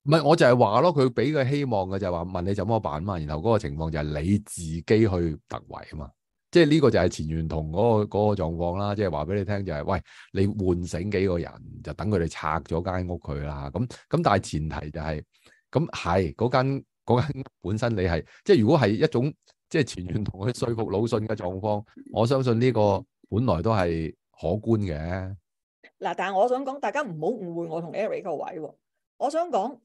Speaker 2: 唔係，我就係話咯，佢俾佢希望嘅就係話問你怎麼辦嘛。然後嗰個情況就係你自己去突圍啊嘛。即係呢個就係錢玄同嗰個嗰、嗰個狀況啦。即係話俾你聽就係、是，喂，你喚醒幾個人就等佢哋拆咗間屋佢啦。咁咁但係前提就係咁係嗰間嗰間本身你係即係如果係一種即係錢玄同去說服魯迅嘅狀況，我相信呢個本來都係可觀嘅。
Speaker 3: 嗱，但係我想講，大家唔好誤會我同 Eric 個位喎，哦。我想講，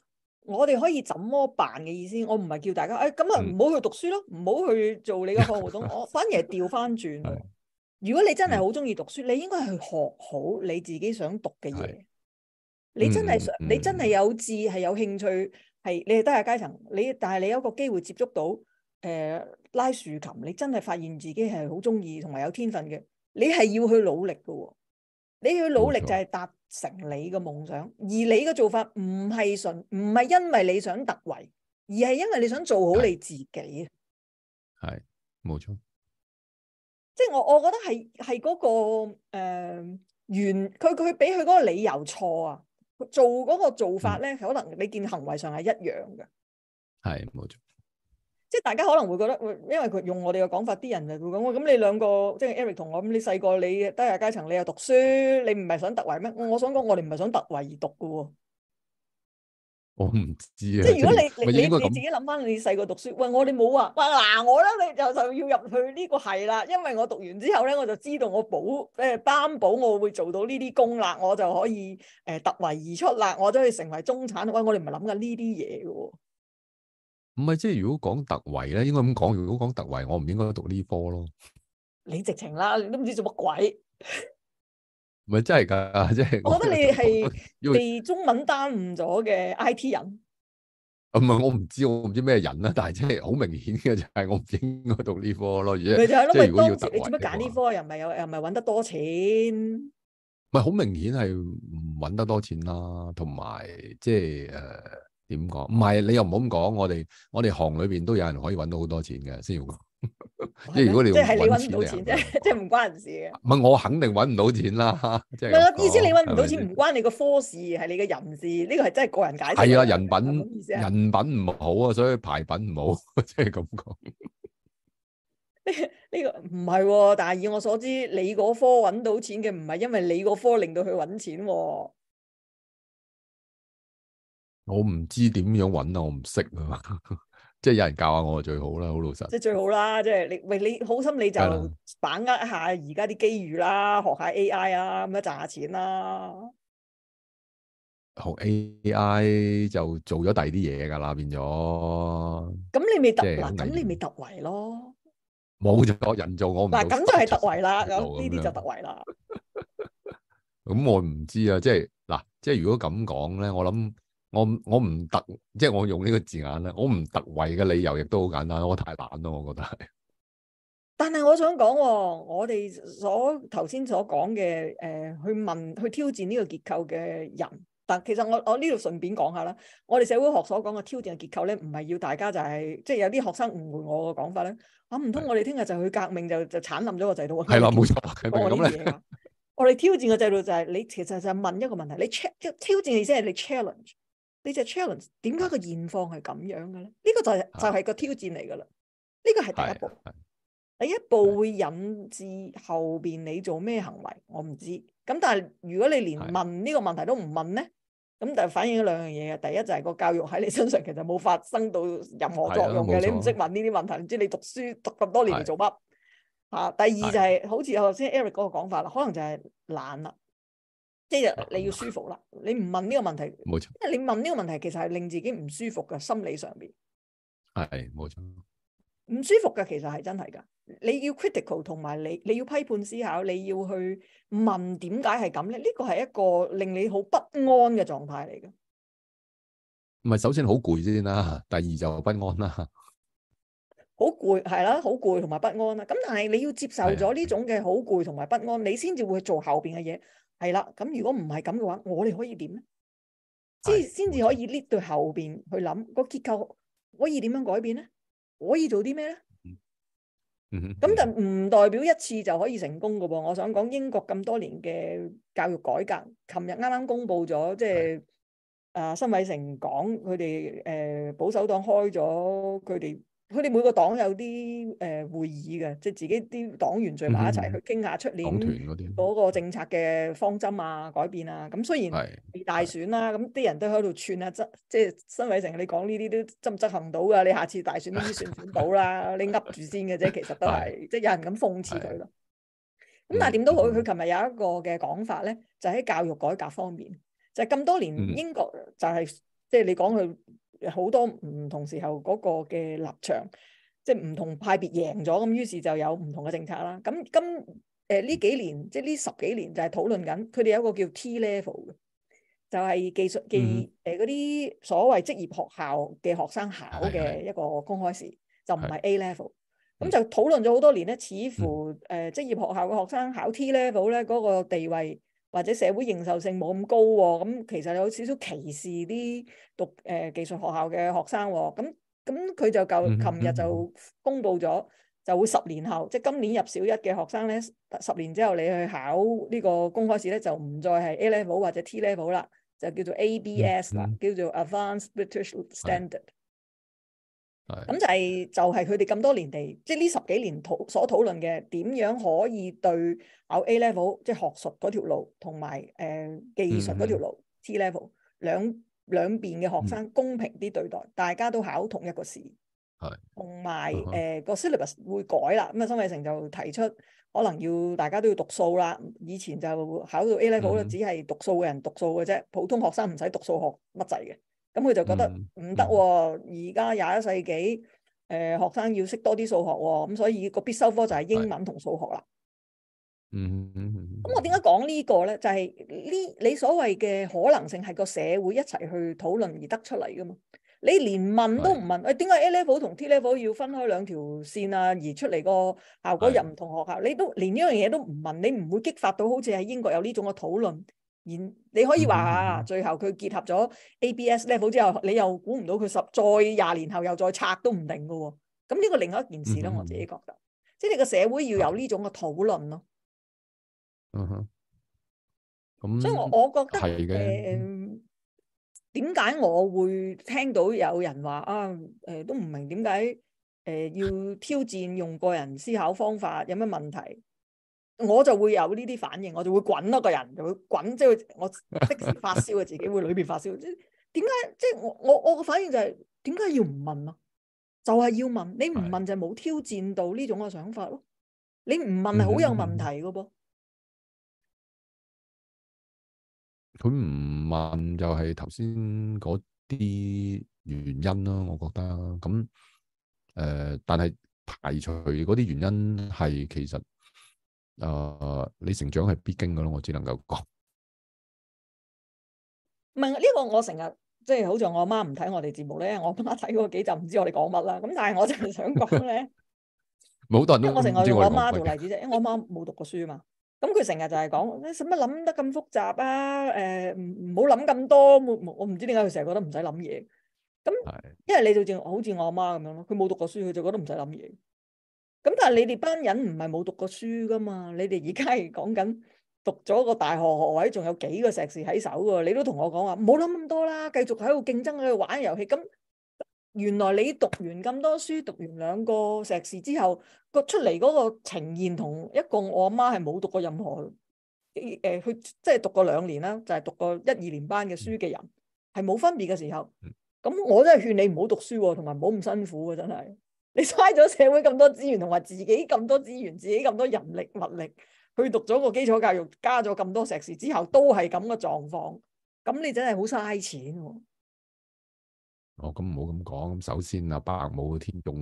Speaker 3: 我哋可以怎麼辦嘅意思。我唔係叫大家，誒咁啊，唔好去讀書咯，唔好，嗯、去做你嘅課活動。 *laughs* 我反而係調翻轉。是如果你真係好中意讀書，你應該係學好你自己想讀嘅嘢。是你真係想，嗯、你真係有志，係有興趣，係你係低下階層，你但係你有一個機會接觸到誒、呃、拉豎琴，你真係發現自己係好中意同埋有天分嘅，你係要去努力嘅。你要努力就係達成你嘅夢想，錯而你嘅做法唔係純，唔係因為你想突圍，而係因為你想做好你自己啊！係冇錯，即係我我覺得係係嗰個誒、呃、原佢佢俾佢嗰個理由錯啊，做嗰個做法咧，可能你見行為上係一樣嘅，
Speaker 2: 係冇錯。
Speaker 3: 即係大家可能會覺得，因為佢用我哋嘅講法，啲人就會講：咁你兩個，即係 Eric 同我，咁你細個，你低下階層，你又讀書，你唔係想突圍咩？我想講，我哋唔係想突圍而讀嘅
Speaker 1: 喎。我唔知啊。即係如果你你你自己
Speaker 3: 諗翻，你細個讀書，喂，我哋冇話，嗱，我咧，你就就要入去呢個係啦，因為我讀完之後咧，我就知道我保誒擔保我會做到呢啲功課，我就可以誒、呃、突圍而出啦，我都可以成為中產。喂，我哋唔係諗緊呢啲嘢嘅喎。
Speaker 2: 唔係，即係如果講突圍咧，應該咁講。如果講突圍，我唔應該讀呢科咯。
Speaker 3: 你直情啦，你都唔知做乜鬼。
Speaker 2: 唔係，真係噶，即係我覺得你係被
Speaker 3: 中文耽誤咗嘅 I T 人。
Speaker 2: 唔係，我唔知，我唔知咩人啦。但係即係好明顯嘅就係，我唔應該讀呢科咯。就是、如果要突圍，你做乜揀
Speaker 3: 呢科？又唔係又又唔係揾得多錢？
Speaker 2: 唔係好明顯係唔揾得多錢啦，同埋即係誒。呃點講？唔係，你又唔好咁講。我哋我哋行裏邊都有人可以搵到好多錢嘅，先要講。即係如果你唔搵唔到錢，即係
Speaker 3: 即係唔關人事嘅。
Speaker 2: 唔係我肯定搵唔到錢啦。即係係我意思，你搵唔到錢唔吧
Speaker 3: 關你個科事，係你嘅人事。呢個係真係個人解釋。係啊，
Speaker 2: 人品， *laughs* 人品唔好啊，所以排品唔好，即係咁講。呢
Speaker 3: 呢個唔係，但係以我所知，你嗰科搵到錢嘅，唔係因為你嗰科令到佢搵錢。
Speaker 2: 我唔知點樣搵啊！我唔識啊， *laughs* 即係有人教下我，我最好啦，好老實即好。即係
Speaker 3: 最好啦，即係你喂，你好心你就把握一下而家啲機遇啦，學下 A I 啊，咁樣賺下錢啦。
Speaker 2: 學 A I 就做咗第二啲嘢噶啦，變咗。咁你咪突嗱，咁，就是啊，
Speaker 3: 你咪突圍咯。
Speaker 2: 冇錯，人做我唔。嗱，咁就係突
Speaker 3: 圍啦。呢啲就突圍啦。
Speaker 2: 咁 *laughs* 我唔知啊，即係嗱，即係如果咁講咧，我諗。我我唔特，即係我用呢個字眼啦，我唔特為嘅理由亦都好簡單，我太懶咯，我覺得係。
Speaker 3: 但係我想講、哦，我哋所頭先所講嘅誒，去問去挑戰呢個結構嘅人，但其實我我呢度順便講下啦，我哋社會學所講嘅挑戰嘅結構咧，唔係要大家就係、是、即係有啲學生誤會我嘅講法咧，諗唔通我哋聽日就去革命就就鏟冧咗個制度。係啦，冇錯，我哋挑戰嘅制度就係、是、你其實就係問一個問題，你 challenge 挑戰嘅意思係你 challenge。呢隻 challenge 點解個現況係咁樣嘅咧？呢、這個就係、是、是就係個挑戰嚟噶啦。呢、這個係第一步，第一步會引致後邊你做咩行為，我唔知。咁但係如果你連問呢個問題都唔問咧，咁就反映咗兩樣嘢嘅。第一就係個教育喺你身上其實冇發生到任何作用嘅，你唔識問呢啲問題，唔知你讀書讀咁多年嚟做乜吓是、啊。第二就係、是、是好似頭先 Eric 個講法啦，可能就係懶啦。即係你要舒服啦，你唔問呢個問題，冇錯。因為你問呢個問題，其實係令自己唔舒服嘅，心理上邊
Speaker 1: 係冇錯，
Speaker 3: 唔舒服嘅其實係真係噶。你要 critical 同埋你，你要批判思考，你要去問點解係咁咧？呢個係一個令你好不安嘅狀態嚟嘅。
Speaker 2: 唔係，首先好攰先啦，第二就話不安啦。好
Speaker 3: 攰係啦，好攰同埋不安啦。咁但係你要接受咗呢種嘅好攰同埋不安，的你先至會做後邊嘅嘢。係啦，咁如果唔係咁嘅話，我哋可以點咧？即係先至可以 lift 到後邊去諗個結構，可以點樣改變咧？可以做啲咩咧？咁 *laughs* 就唔代表一次就可以成功噶噃。我想講英國咁多年嘅教育改革，琴日啱啱公布咗，即係的啊，辛偉誠講佢哋誒保守黨開咗佢哋。佢哋每個黨有啲誒會議嘅，即係自己啲黨員聚埋一齊去傾下出年嗰個政策嘅方針啊、改變啊。咁雖然未大選啦，咁啲人都喺度串啊，即係新偉成，你講呢啲都執唔執行到噶。你下次大選都算唔到啦，你噏住先嘅啫。其實都係即係有人咁諷刺佢咯。
Speaker 2: 咁但係點
Speaker 3: 都好，佢琴日有一個嘅講法咧，就喺教育改革方面，就係咁多年英國就係即係你講佢。好多唔同時候嗰個嘅立場，即係唔同派別贏咗，咁於是就有唔同嘅政策啦。咁今誒呢、呃、幾年，即係呢十幾年就討論，就係討論緊，佢哋有一個叫 T level 嘅，就係、是、技術技誒嗰啲所謂職業學校嘅學生考嘅一個公開試，是是就唔係 A level。咁是就討論咗好多年咧，似乎誒、嗯呃、職業學校嘅學生考 T level 咧，嗰個地位。或者社會認受性冇咁高喎、哦，咁、嗯、其實有少少歧視啲讀誒、呃、技術學校嘅學生喎、哦，咁咁佢就舊琴日就公布咗，就會十年後，即係今年入小一嘅學生咧，十年之後你去考呢個公開試咧，就唔再係 A level 或者 T level 啦，就叫做 ABS 啦，嗯嗯、叫做 Advanced British Standard。嗯嗯嗯。咁、嗯、 *noise* 就係就係佢哋咁多年地，即係呢十幾年討所討論嘅點樣可以對考 A level 即係學術嗰條路同埋誒技術嗰條路、嗯、哼 T level 兩兩邊嘅學生、嗯、哼公平啲對待，大家都考同一個試，同埋誒個 syllabus 會改啦。咁啊，曾偉成就提出可能要大家都要讀數啦。以前就考到 A level 咧、嗯哼，只係讀數嘅人讀數嘅啫，普通學生唔使讀數學乜滯嘅。咁佢就覺得唔得、啊，而家廿一世紀，誒、呃，學生要識多啲數學、啊，咁所以個必修科就係英文同數學啦。嗯
Speaker 1: 的。
Speaker 3: 咁我點解講呢個咧？就係呢，你所謂嘅可能性係個社會一齊去討論而得出嚟噶嘛？你連問都唔問，誒的，點解 A level 同 T level 要分開兩條線啊？而出嚟個效果又唔同學校，的你都連呢樣嘢都唔問，你唔會激發到好似喺英國有呢種嘅討論。你可以話啊，最後佢結合咗 ABS level 之後，你又估唔到佢十再廿年後又再拆都唔定㗎喎、哦。咁呢個另一件事咯，我自己覺得，嗯嗯、即係你個社會要有呢種嘅討論咯、嗯。嗯哼。
Speaker 1: 咁、嗯。嗯嗯、所以我我覺得係嘅。
Speaker 3: 點解的、呃、我會聽到有人話啊，誒、呃，都唔明點解誒要挑戰用個人思考方法，有咩問題？我就會有呢啲反應，我就會滾咯，個人就會滾，即、就、係、是、我即時發燒嘅自己 *laughs* 會裏邊發燒。即係點解？即係我我我嘅反應就係點解要唔問啊？就係、是、要問，你唔問就冇挑戰到呢種嘅想法咯。你唔問係好有問題㗎噃。
Speaker 2: 佢唔、嗯、問就係頭先嗰啲原因咯、啊，我覺得咁。誒、呃，但係排除嗰啲原因係其實。誒，你成長係必經嘅咯，我只能夠
Speaker 3: 講。唔係呢個，我成日即係，好似我阿媽唔睇我哋節目咧，我阿媽睇過幾集，唔知我哋講乜啦。咁但係我就係想講咧，
Speaker 2: 冇代。我成日用我阿媽做例子
Speaker 3: 啫，因為我阿媽冇讀過書嘛，咁佢成日就係講，使乜諗得咁複雜啊？誒，唔唔好諗咁多，我我唔知點解佢成日覺得唔使諗嘢。咁，因為你就正好似我阿媽咁樣咯，佢冇讀過書，佢就覺得唔使諗嘢。咁但係你哋班人唔係冇讀過書噶嘛？你哋而家係講緊讀咗個大學學位，仲有幾個碩士喺手噶？你都同我講話，唔好諗咁多啦，繼續喺度競爭，喺度玩遊戲。咁原來你讀完咁多書，讀完兩個碩士之後，個出嚟嗰個呈現，同一共我阿媽係冇讀過任何誒，去、呃呃、即係讀過兩年啦，就係、是、讀過一二年班嘅書嘅人，係冇分別嘅時候。咁我都係勸你唔好讀書，同埋唔好咁辛苦啊！真係。你嘥咗社會咁多資源同埋自己咁多資源，自己咁多人力物力去讀咗個基礎教育，加咗咁多碩士之後，都係咁嘅狀況。咁你真係好嘥錢。
Speaker 2: 哦，咁唔好咁講。咁首先啊，百畝天種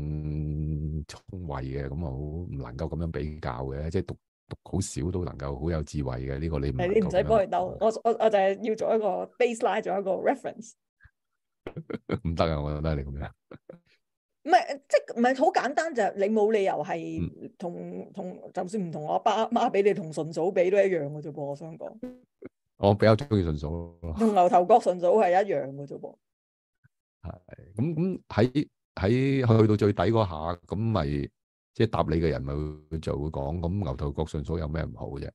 Speaker 2: 聰慧嘅，咁啊好唔能夠咁樣比較嘅。即係讀讀好少都能夠好有智慧嘅呢個你。唔使幫佢
Speaker 3: 鬥，我我我就係要做一個 baseline，做一個 reference。
Speaker 2: 唔得啊！我覺得你咁樣。
Speaker 3: 唔係即係唔係好簡單，就係你冇理由係同同，就算唔同我阿爸阿媽俾你，同順嫂俾都一樣嘅啫噃。我想講，
Speaker 2: 我比較鍾意順嫂咯。同
Speaker 3: 牛頭角順嫂係一樣嘅啫噃。
Speaker 2: 係咁咁喺喺去到最底嗰下，咁咪即係答你嘅人咪就會講咁牛頭角順嫂有咩唔好啫？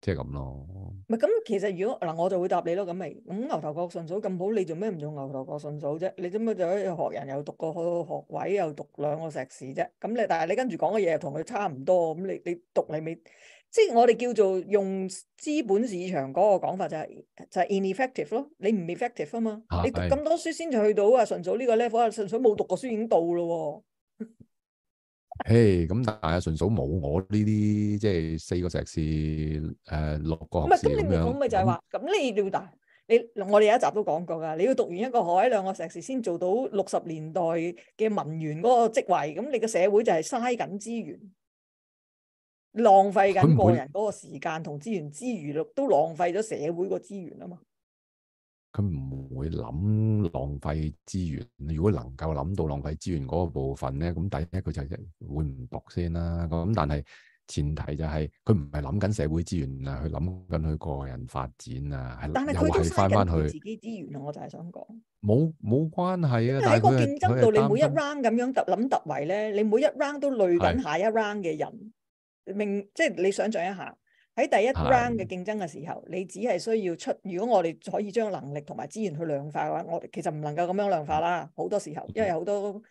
Speaker 2: 即係咁咯，
Speaker 3: 係咁其實如果嗱，我就會答你咯。咁咪咁牛頭角順嫂咁好，你做咩唔用牛頭角順嫂啫？你做咩就喺度學人又讀個學位，又讀兩個碩士啫？咁你但係你跟住講嘅嘢又同佢差唔多，咁你你讀嚟未？即係我哋叫做用資本市場嗰個講法就係、就係、ineffective 咯，你唔 effective 啊嘛？你讀咁多書先至去到啊？順嫂呢個 level 啊，順嫂冇讀過書已經到咯。
Speaker 2: 誒，咁、hey, 但係啊，純屬冇我呢啲，即係四個碩士，誒、呃，六個唔係，咁你唔好咪就係話，
Speaker 3: 咁那你，條帶，你我哋有一集都講過噶，你要讀完一個海，兩個碩士先做到六十年代嘅文員嗰個職位，咁你個社會就係嘥緊資源，浪費緊個人嗰個時間同資源之餘，都浪費咗社會個資源啊嘛。
Speaker 2: 佢唔會諗浪費資源。如果能夠諗到浪費資源嗰個部分咧，咁第一佢就一會唔讀先啦。咁但係前提就係佢唔係諗緊社會資源啊，佢諗緊佢個人發展啊。但係佢都係翻翻佢自
Speaker 3: 己資源啊。我就係想講
Speaker 2: 冇冇關係啊。喺個競爭度，你每一 round
Speaker 3: 咁樣突諗突圍咧，你每一 round 都累緊下一 round 嘅人。明，即係你想象一下。喺第一 round 嘅競爭嘅時候，的你只係需要出。如果我哋可以將能力同埋資源去量化嘅話，我哋其實唔能夠咁樣量化啦。好的多時候，因為好多誒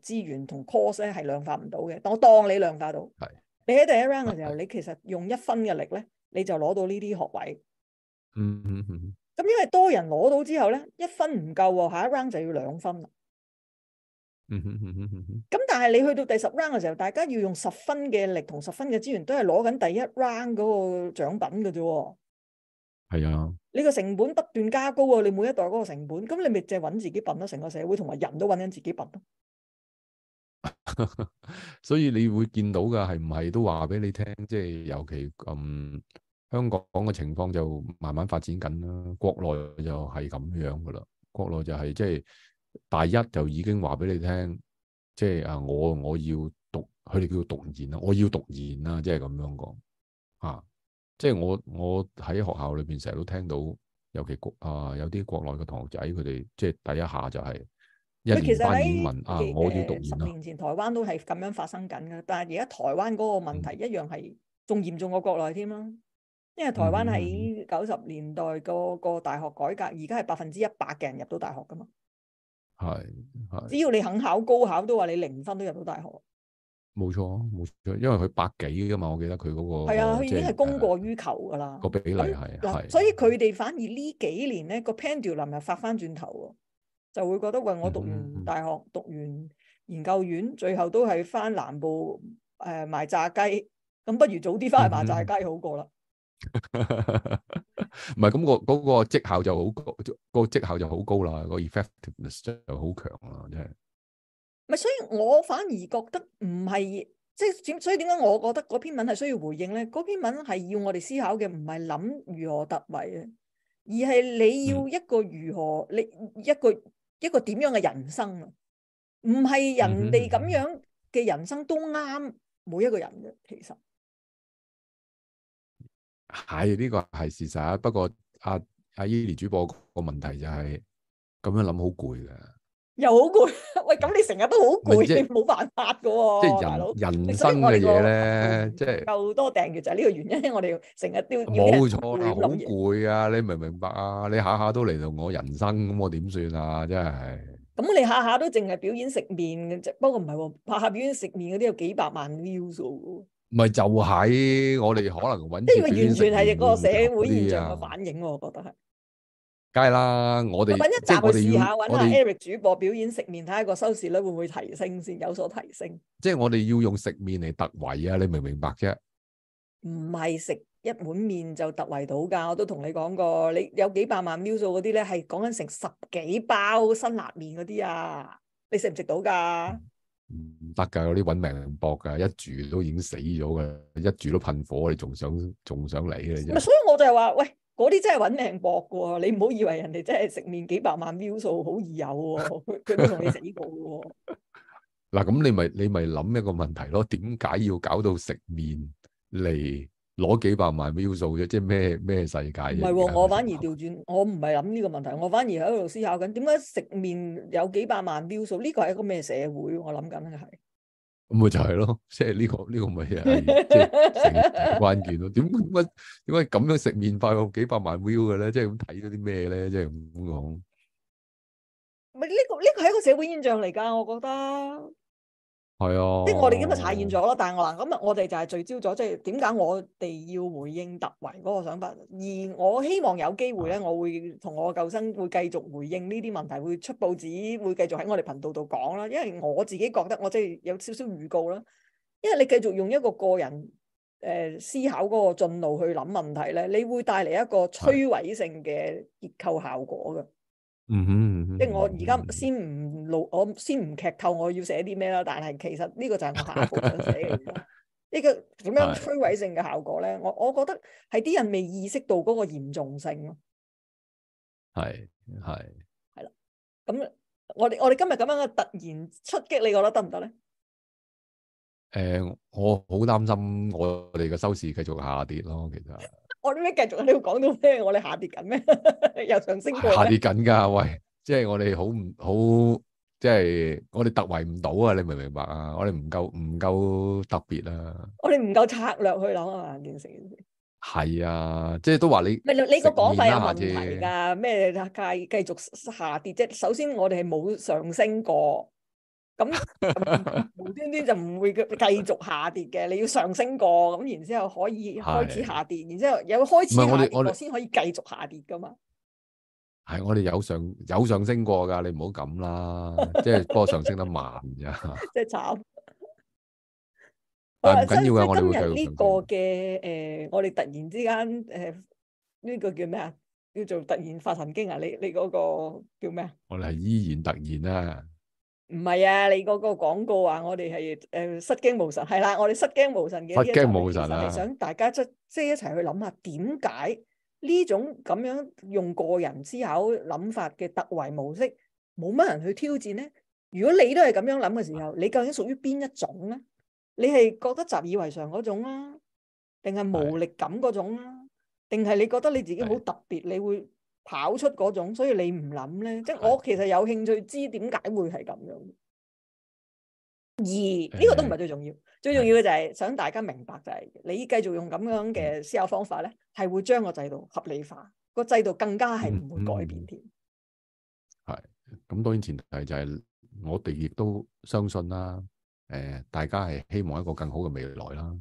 Speaker 3: 資、呃、源同 course 咧係量化唔到嘅。但我當你量化到，的你喺第一 round 嘅時候，的你其實用一分嘅力咧，你就攞到呢啲學位。嗯嗯嗯。咁因為多人攞到之後咧，一分唔夠喎，下一 round 就要兩分啦。嗯哼哼、嗯、哼，咁、嗯、但係你去到第十 round 嘅時候，大家要用十分嘅力同十分嘅資源，都係攞緊第一 round 嗰個獎品嘅啫、哦。
Speaker 2: 係啊，
Speaker 3: 你個成本不斷加高啊、哦，你每一代嗰個成本，咁你咪淨係搵自己笨咯、啊，成個社會同埋人都搵緊自己笨咯、啊。
Speaker 2: *laughs* 所以你會見到嘅係唔係都話俾你聽，即、就、係、是、尤其嗯香港嘅情況就慢慢發展緊啦，國內就係咁樣嘅啦，國內就係即係。就是就是大一就已經話俾你聽，即係啊，我我要讀，佢哋叫做讀研啦，我要讀研啦，即係咁樣講啊。即係我我喺學校裏邊成日都聽到，尤其啊有啲國內嘅同學仔，佢哋即係第一下就係
Speaker 3: 一年班移民啊，我要讀研啦。十年前台灣都係咁樣發生緊嘅，但係而家台灣嗰個問題一樣係仲嚴重過國內添啦，因為台灣喺九十年代個個大學改革，而家係百分之一百嘅人入到大學噶嘛。
Speaker 2: 係係，只要你肯
Speaker 3: 考高考，都話你零分都入到大學。
Speaker 2: 冇錯，冇錯，因為佢百幾噶嘛，我記得佢嗰、嗰個係啊，佢已經係
Speaker 3: 供過於求噶啦，個比例係，係所以佢哋反而呢幾年咧個 pendulum 又發翻轉頭喎，就會覺得喂，我讀完大學，嗯嗯、讀完研究院，最後都係翻南部誒賣、呃、炸雞，咁不如早啲翻去賣炸雞好過啦。嗯
Speaker 2: 唔係咁個嗰個績效就好高，個績效就好高啦，個 effectiveness 就好強啦，真係。
Speaker 3: 唔係，所以我反而覺得唔係，即係點？所以點解我覺得嗰篇文係需要回應咧？嗰篇文係要我哋思考嘅，唔係諗如何突圍啊，而係你要一個如何，你一個一個點樣嘅人生啊？唔係人哋咁樣嘅人生都啱每一個人嘅，其實。
Speaker 2: 係呢、這個係事實，不過阿阿 e 主播個問題就係、是、咁樣諗好攰噶，
Speaker 3: 又好攰。喂，咁你成日都好攰，冇辦、就是、法噶、啊。即係人人生嘅嘢咧，即係夠多訂閱就係呢個原因。就是、我哋成日都要好
Speaker 2: 攰啊！你明唔明白啊？ *laughs* 你下下都嚟到我人生咁，我點算啊？真係。
Speaker 3: 咁你下下都淨係表演食麵嘅啫，不過唔係喎，下下表演食麵嗰啲有幾百萬 view 數。
Speaker 2: 咪就喺我哋可能搵，呢個完全係個社會現象嘅
Speaker 3: 反應，我覺得係。梗
Speaker 2: 係啦，我哋搵一集去試下，搵下 Eric
Speaker 3: 主播表演食麵，睇下個收視率會唔會提升先有所提升。
Speaker 2: 即係我哋要用食麵嚟突圍啊！你明唔明白啫？
Speaker 3: 唔係食一碗麵就突圍到㗎，我都同你講過。你有幾百萬秒數嗰啲咧，係講緊成十幾包辛辣麵嗰啲啊！你食唔食到㗎？
Speaker 2: 唔得噶，嗰啲揾命搏噶，一住都已經死咗噶，一住都噴火，你仲想仲想嚟啊？唔係，
Speaker 3: 所以我就係話，喂，嗰啲真係揾命搏噶，你唔好以為人哋真係食麵幾百萬 view 數好易有，佢都同你死過噶。
Speaker 2: 嗱， *laughs* 咁你咪你咪諗一個問題咯，點解要搞到食麵嚟？攞幾百萬 view 數啫，即係咩咩世
Speaker 3: 界？唔係啊，我反而調轉，我唔係諗呢個問題，我反而喺度思考緊，點解食麵有幾百萬 view 數？呢個係一個咩社會？我諗緊係，咁
Speaker 2: 咪就係咯，即係呢、呢個呢、呢個咪係即係關鍵咯？點解點解咁樣食麵快到幾百萬 view 嘅咧？即係咁睇到啲咩咧？即係咁講，
Speaker 3: 唔係呢個呢、呢個係一個社會現象嚟噶，我覺得。
Speaker 2: 係啊，即係我哋今日扯
Speaker 3: 遠咗咯。但係我話咁啊，我哋就係聚焦咗，即係點解我哋要回應突圍嗰個想法。而我希望有機會咧，我會同我舊生會繼續回應呢啲問題，會出報紙，會繼續喺我哋頻道度講啦。因為我自己覺得，我即係有少少預告啦。因為你繼續用一個個人誒、呃、思考嗰個進路去諗問題咧，你會帶嚟一個摧毀性嘅結構效果嘅。嗯哼，嗯哼，即係我而家先唔露，嗯、哼我先唔劇透我要寫啲咩啦。但係其實呢個就係我下 *laughs* 一步想寫嘅。呢個點樣摧毀性嘅效果咧？是我我覺得係啲人未意識到嗰個嚴重性咯。
Speaker 2: 係係
Speaker 3: 係啦。咁我哋我哋今日咁樣嘅突然出擊，你覺得得唔得咧？
Speaker 2: 誒、呃，我好擔心我哋嘅收視繼續下跌咯。其實。
Speaker 3: 我哋咩繼續啊？你要講到咩？我哋下跌緊咩？ *laughs* 又上升過？下跌
Speaker 2: 緊㗎，喂！即係我哋好唔好？即係我哋突圍唔到啊！你明唔明白啊？我哋唔夠唔夠特別啦。
Speaker 3: 我哋唔夠策略去諗啊！建設件事
Speaker 2: 係啊，即係都話你。咪你
Speaker 3: 你個講法有問題㗎？咩繼繼續下跌啫？首先我哋係冇上升過，咁無端端就唔會繼續下跌嘅，你要上升過咁，然之後可以開始下跌，然之後有開始我哋先可以繼續下跌噶嘛？
Speaker 2: 係我哋有上有上升過噶，你唔好咁啦，即係波上升得慢咋，即係慘。但係唔緊要嘅，我哋會呢
Speaker 3: 個嘅誒，我哋突然之間誒呢個叫咩啊？叫做突然發神經啊！你你嗰個叫咩啊？我哋係
Speaker 2: 伊研突研啦。
Speaker 3: 唔係啊，你嗰個廣告話我哋係誒失驚無神，係啦、啊，我哋失驚無神嘅一齊、啊、想大家即即一齊去諗下，點解呢種咁樣用個人思考諗法嘅突圍模式，冇乜人去挑戰咧？如果你都係咁樣諗嘅時候，你究竟屬於邊一種咧？你係覺得習以為常嗰種啊？定係無力感嗰種啊？定係你覺得你自己好特別，的你會？跑出嗰種，所以你唔諗咧，即係我其實有興趣知點解會係咁樣。而呢、呢個都唔係最重要，嗯、最重要嘅就係想大家明白就係、是，嗯、你繼續用咁樣嘅思考方法咧，係會將個制度合理化，個制度更加係唔會改變添。
Speaker 2: 係、嗯，咁、嗯、當然前提就係、是、我哋亦都相信啦，
Speaker 3: 誒、呃，
Speaker 2: 大家係希望一個更好嘅未來啦，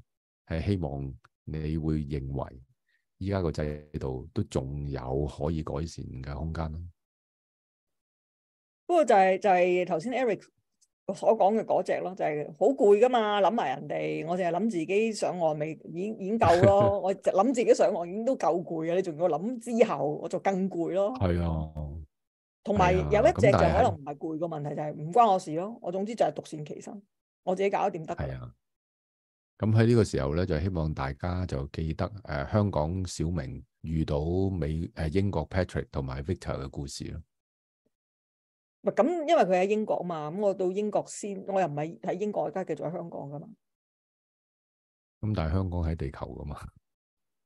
Speaker 2: 係希望你會認為。依家個制度都仲有可以改善嘅空間咯。
Speaker 3: 不過就係就係頭先 Eric 所講嘅嗰隻咯，就係好攰噶嘛。諗埋人哋，我淨係諗自己上岸已經已經夠咯。我諗自己上岸已經都夠攰㗎，你仲要諗之後，我就更攰咯。係啊。同埋有一隻就可能唔係攰個問題，就係唔關我事咯。我總之就係獨善其身，我自己得搞掂得。
Speaker 2: 咁喺呢個時候咧，就希望大家就記得誒，香港小明遇到美誒英國 Patrick 同埋 Victor 嘅故事咯。
Speaker 3: 唔咁，因為佢喺英國啊嘛，咁我到英國先，我又唔係喺英國，而家繼續喺香港噶嘛。
Speaker 2: 咁但係香港喺地球噶嘛？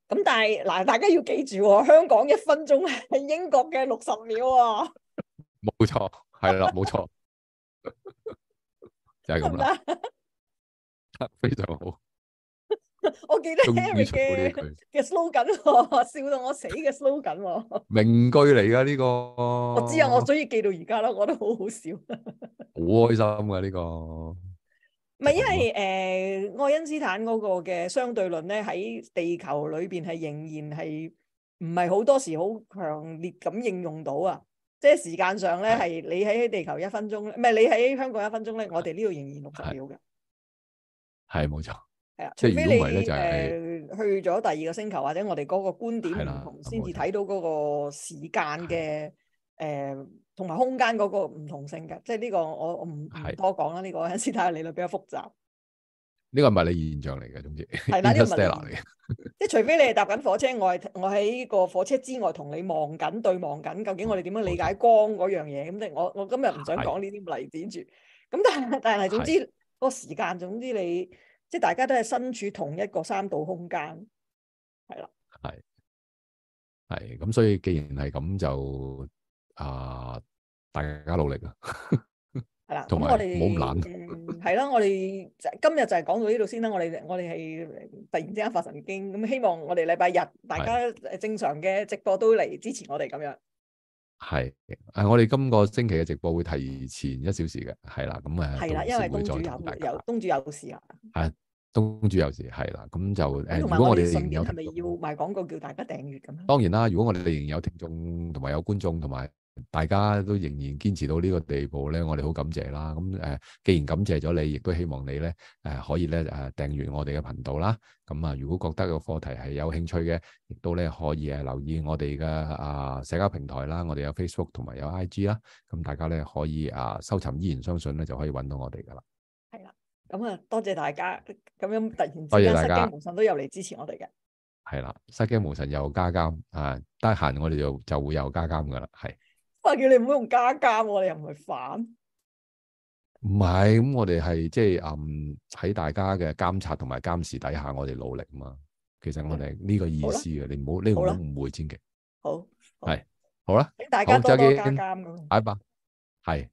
Speaker 3: 咁但係嗱，大家要記住喎，香港一分鐘係英國嘅六十秒啊！
Speaker 2: 冇錯，係啦，冇錯，就係咁啦。非常好，
Speaker 3: *laughs* 我記得 Eric 嘅嘅 slogan，笑到 s log *laughs* 我死嘅 slogan， *laughs*
Speaker 2: 名句嚟噶呢個， *laughs* 我知啊，我
Speaker 3: 所以記到而家咯，我覺得好好笑，
Speaker 2: 好 *laughs* 開心噶呢、這個，
Speaker 3: 唔係 *laughs* 因為誒、呃、愛因斯坦嗰個嘅相對論咧喺地球裏邊係仍然係唔係好多時好強烈咁應用到啊，即、就、係、是、時間上咧係你喺地球一分鐘，唔係的你喺香港一分鐘咧，我哋呢度仍然六十秒嘅。係冇錯，係啊，即係除非你誒去咗第二個星球，或者我哋嗰個觀點唔同，先至睇到嗰個時間嘅誒，同埋空間嗰個唔同性嘅。即係呢個我我唔多講啦，呢個先睇下理論比較複雜。
Speaker 2: 呢個物理現象嚟嘅，總之係啦，呢個物理嘅。
Speaker 3: 即係除非你係搭緊火車，我係我喺個火車之外同你望緊對望緊，究竟我哋點樣理解光嗰樣嘢？咁即係我我今日唔想講呢啲例子住。咁但係但係總之。個時間，總之你即係大家都係身處同一個三度空間，係啦，係
Speaker 2: 係咁，所以既然係咁就啊，大家努力啊，
Speaker 3: 係啦，同埋冇唔懶，係啦，我哋今日就係講到呢度先啦，我哋我哋係突然之間發神經，咁希望我哋禮拜日大家正常嘅直播都嚟支持我哋咁樣。
Speaker 2: 係，誒，我哋今個星期嘅直播會提前一小時嘅，係啦，咁、嗯、誒，因為會再有
Speaker 3: 有東主有事啊，
Speaker 2: 係東主有事係啦，咁就誒，如果我哋有係咪要
Speaker 3: 賣廣告叫大家訂閱，咁樣，當
Speaker 2: 然啦，如果我哋仍然有聽眾同埋有觀眾同埋。大家都仍然堅持到呢個地步咧，我哋好感謝啦。咁、嗯、誒，既然感謝咗你，亦都希望你咧誒、啊，可以咧誒，訂閱我哋嘅頻道啦。咁、嗯、啊，如果覺得個課題係有興趣嘅，亦都咧可以誒、啊、留意我哋嘅啊社交平台啦。我哋有 Facebook 同埋有 IG 啦。咁、嗯、大家咧可以啊，搜尋依然相信咧就可以揾到我哋噶啦。
Speaker 3: 係啦，咁啊，多謝大家咁樣突然之間失驚無神都有嚟，支持我哋嘅。
Speaker 2: 係啦，失驚無神又加監啊，得閒我哋就就會有加監噶啦，係。我叫你唔好用加監，我哋又唔係反。唔係咁，我哋係即係誒喺大家嘅監察同埋監視底下，我哋努力嘛。其實我哋呢個意思嘅，你唔好呢個誤會千祈。好係好啦，大家多，多加監咁。拜拜。係。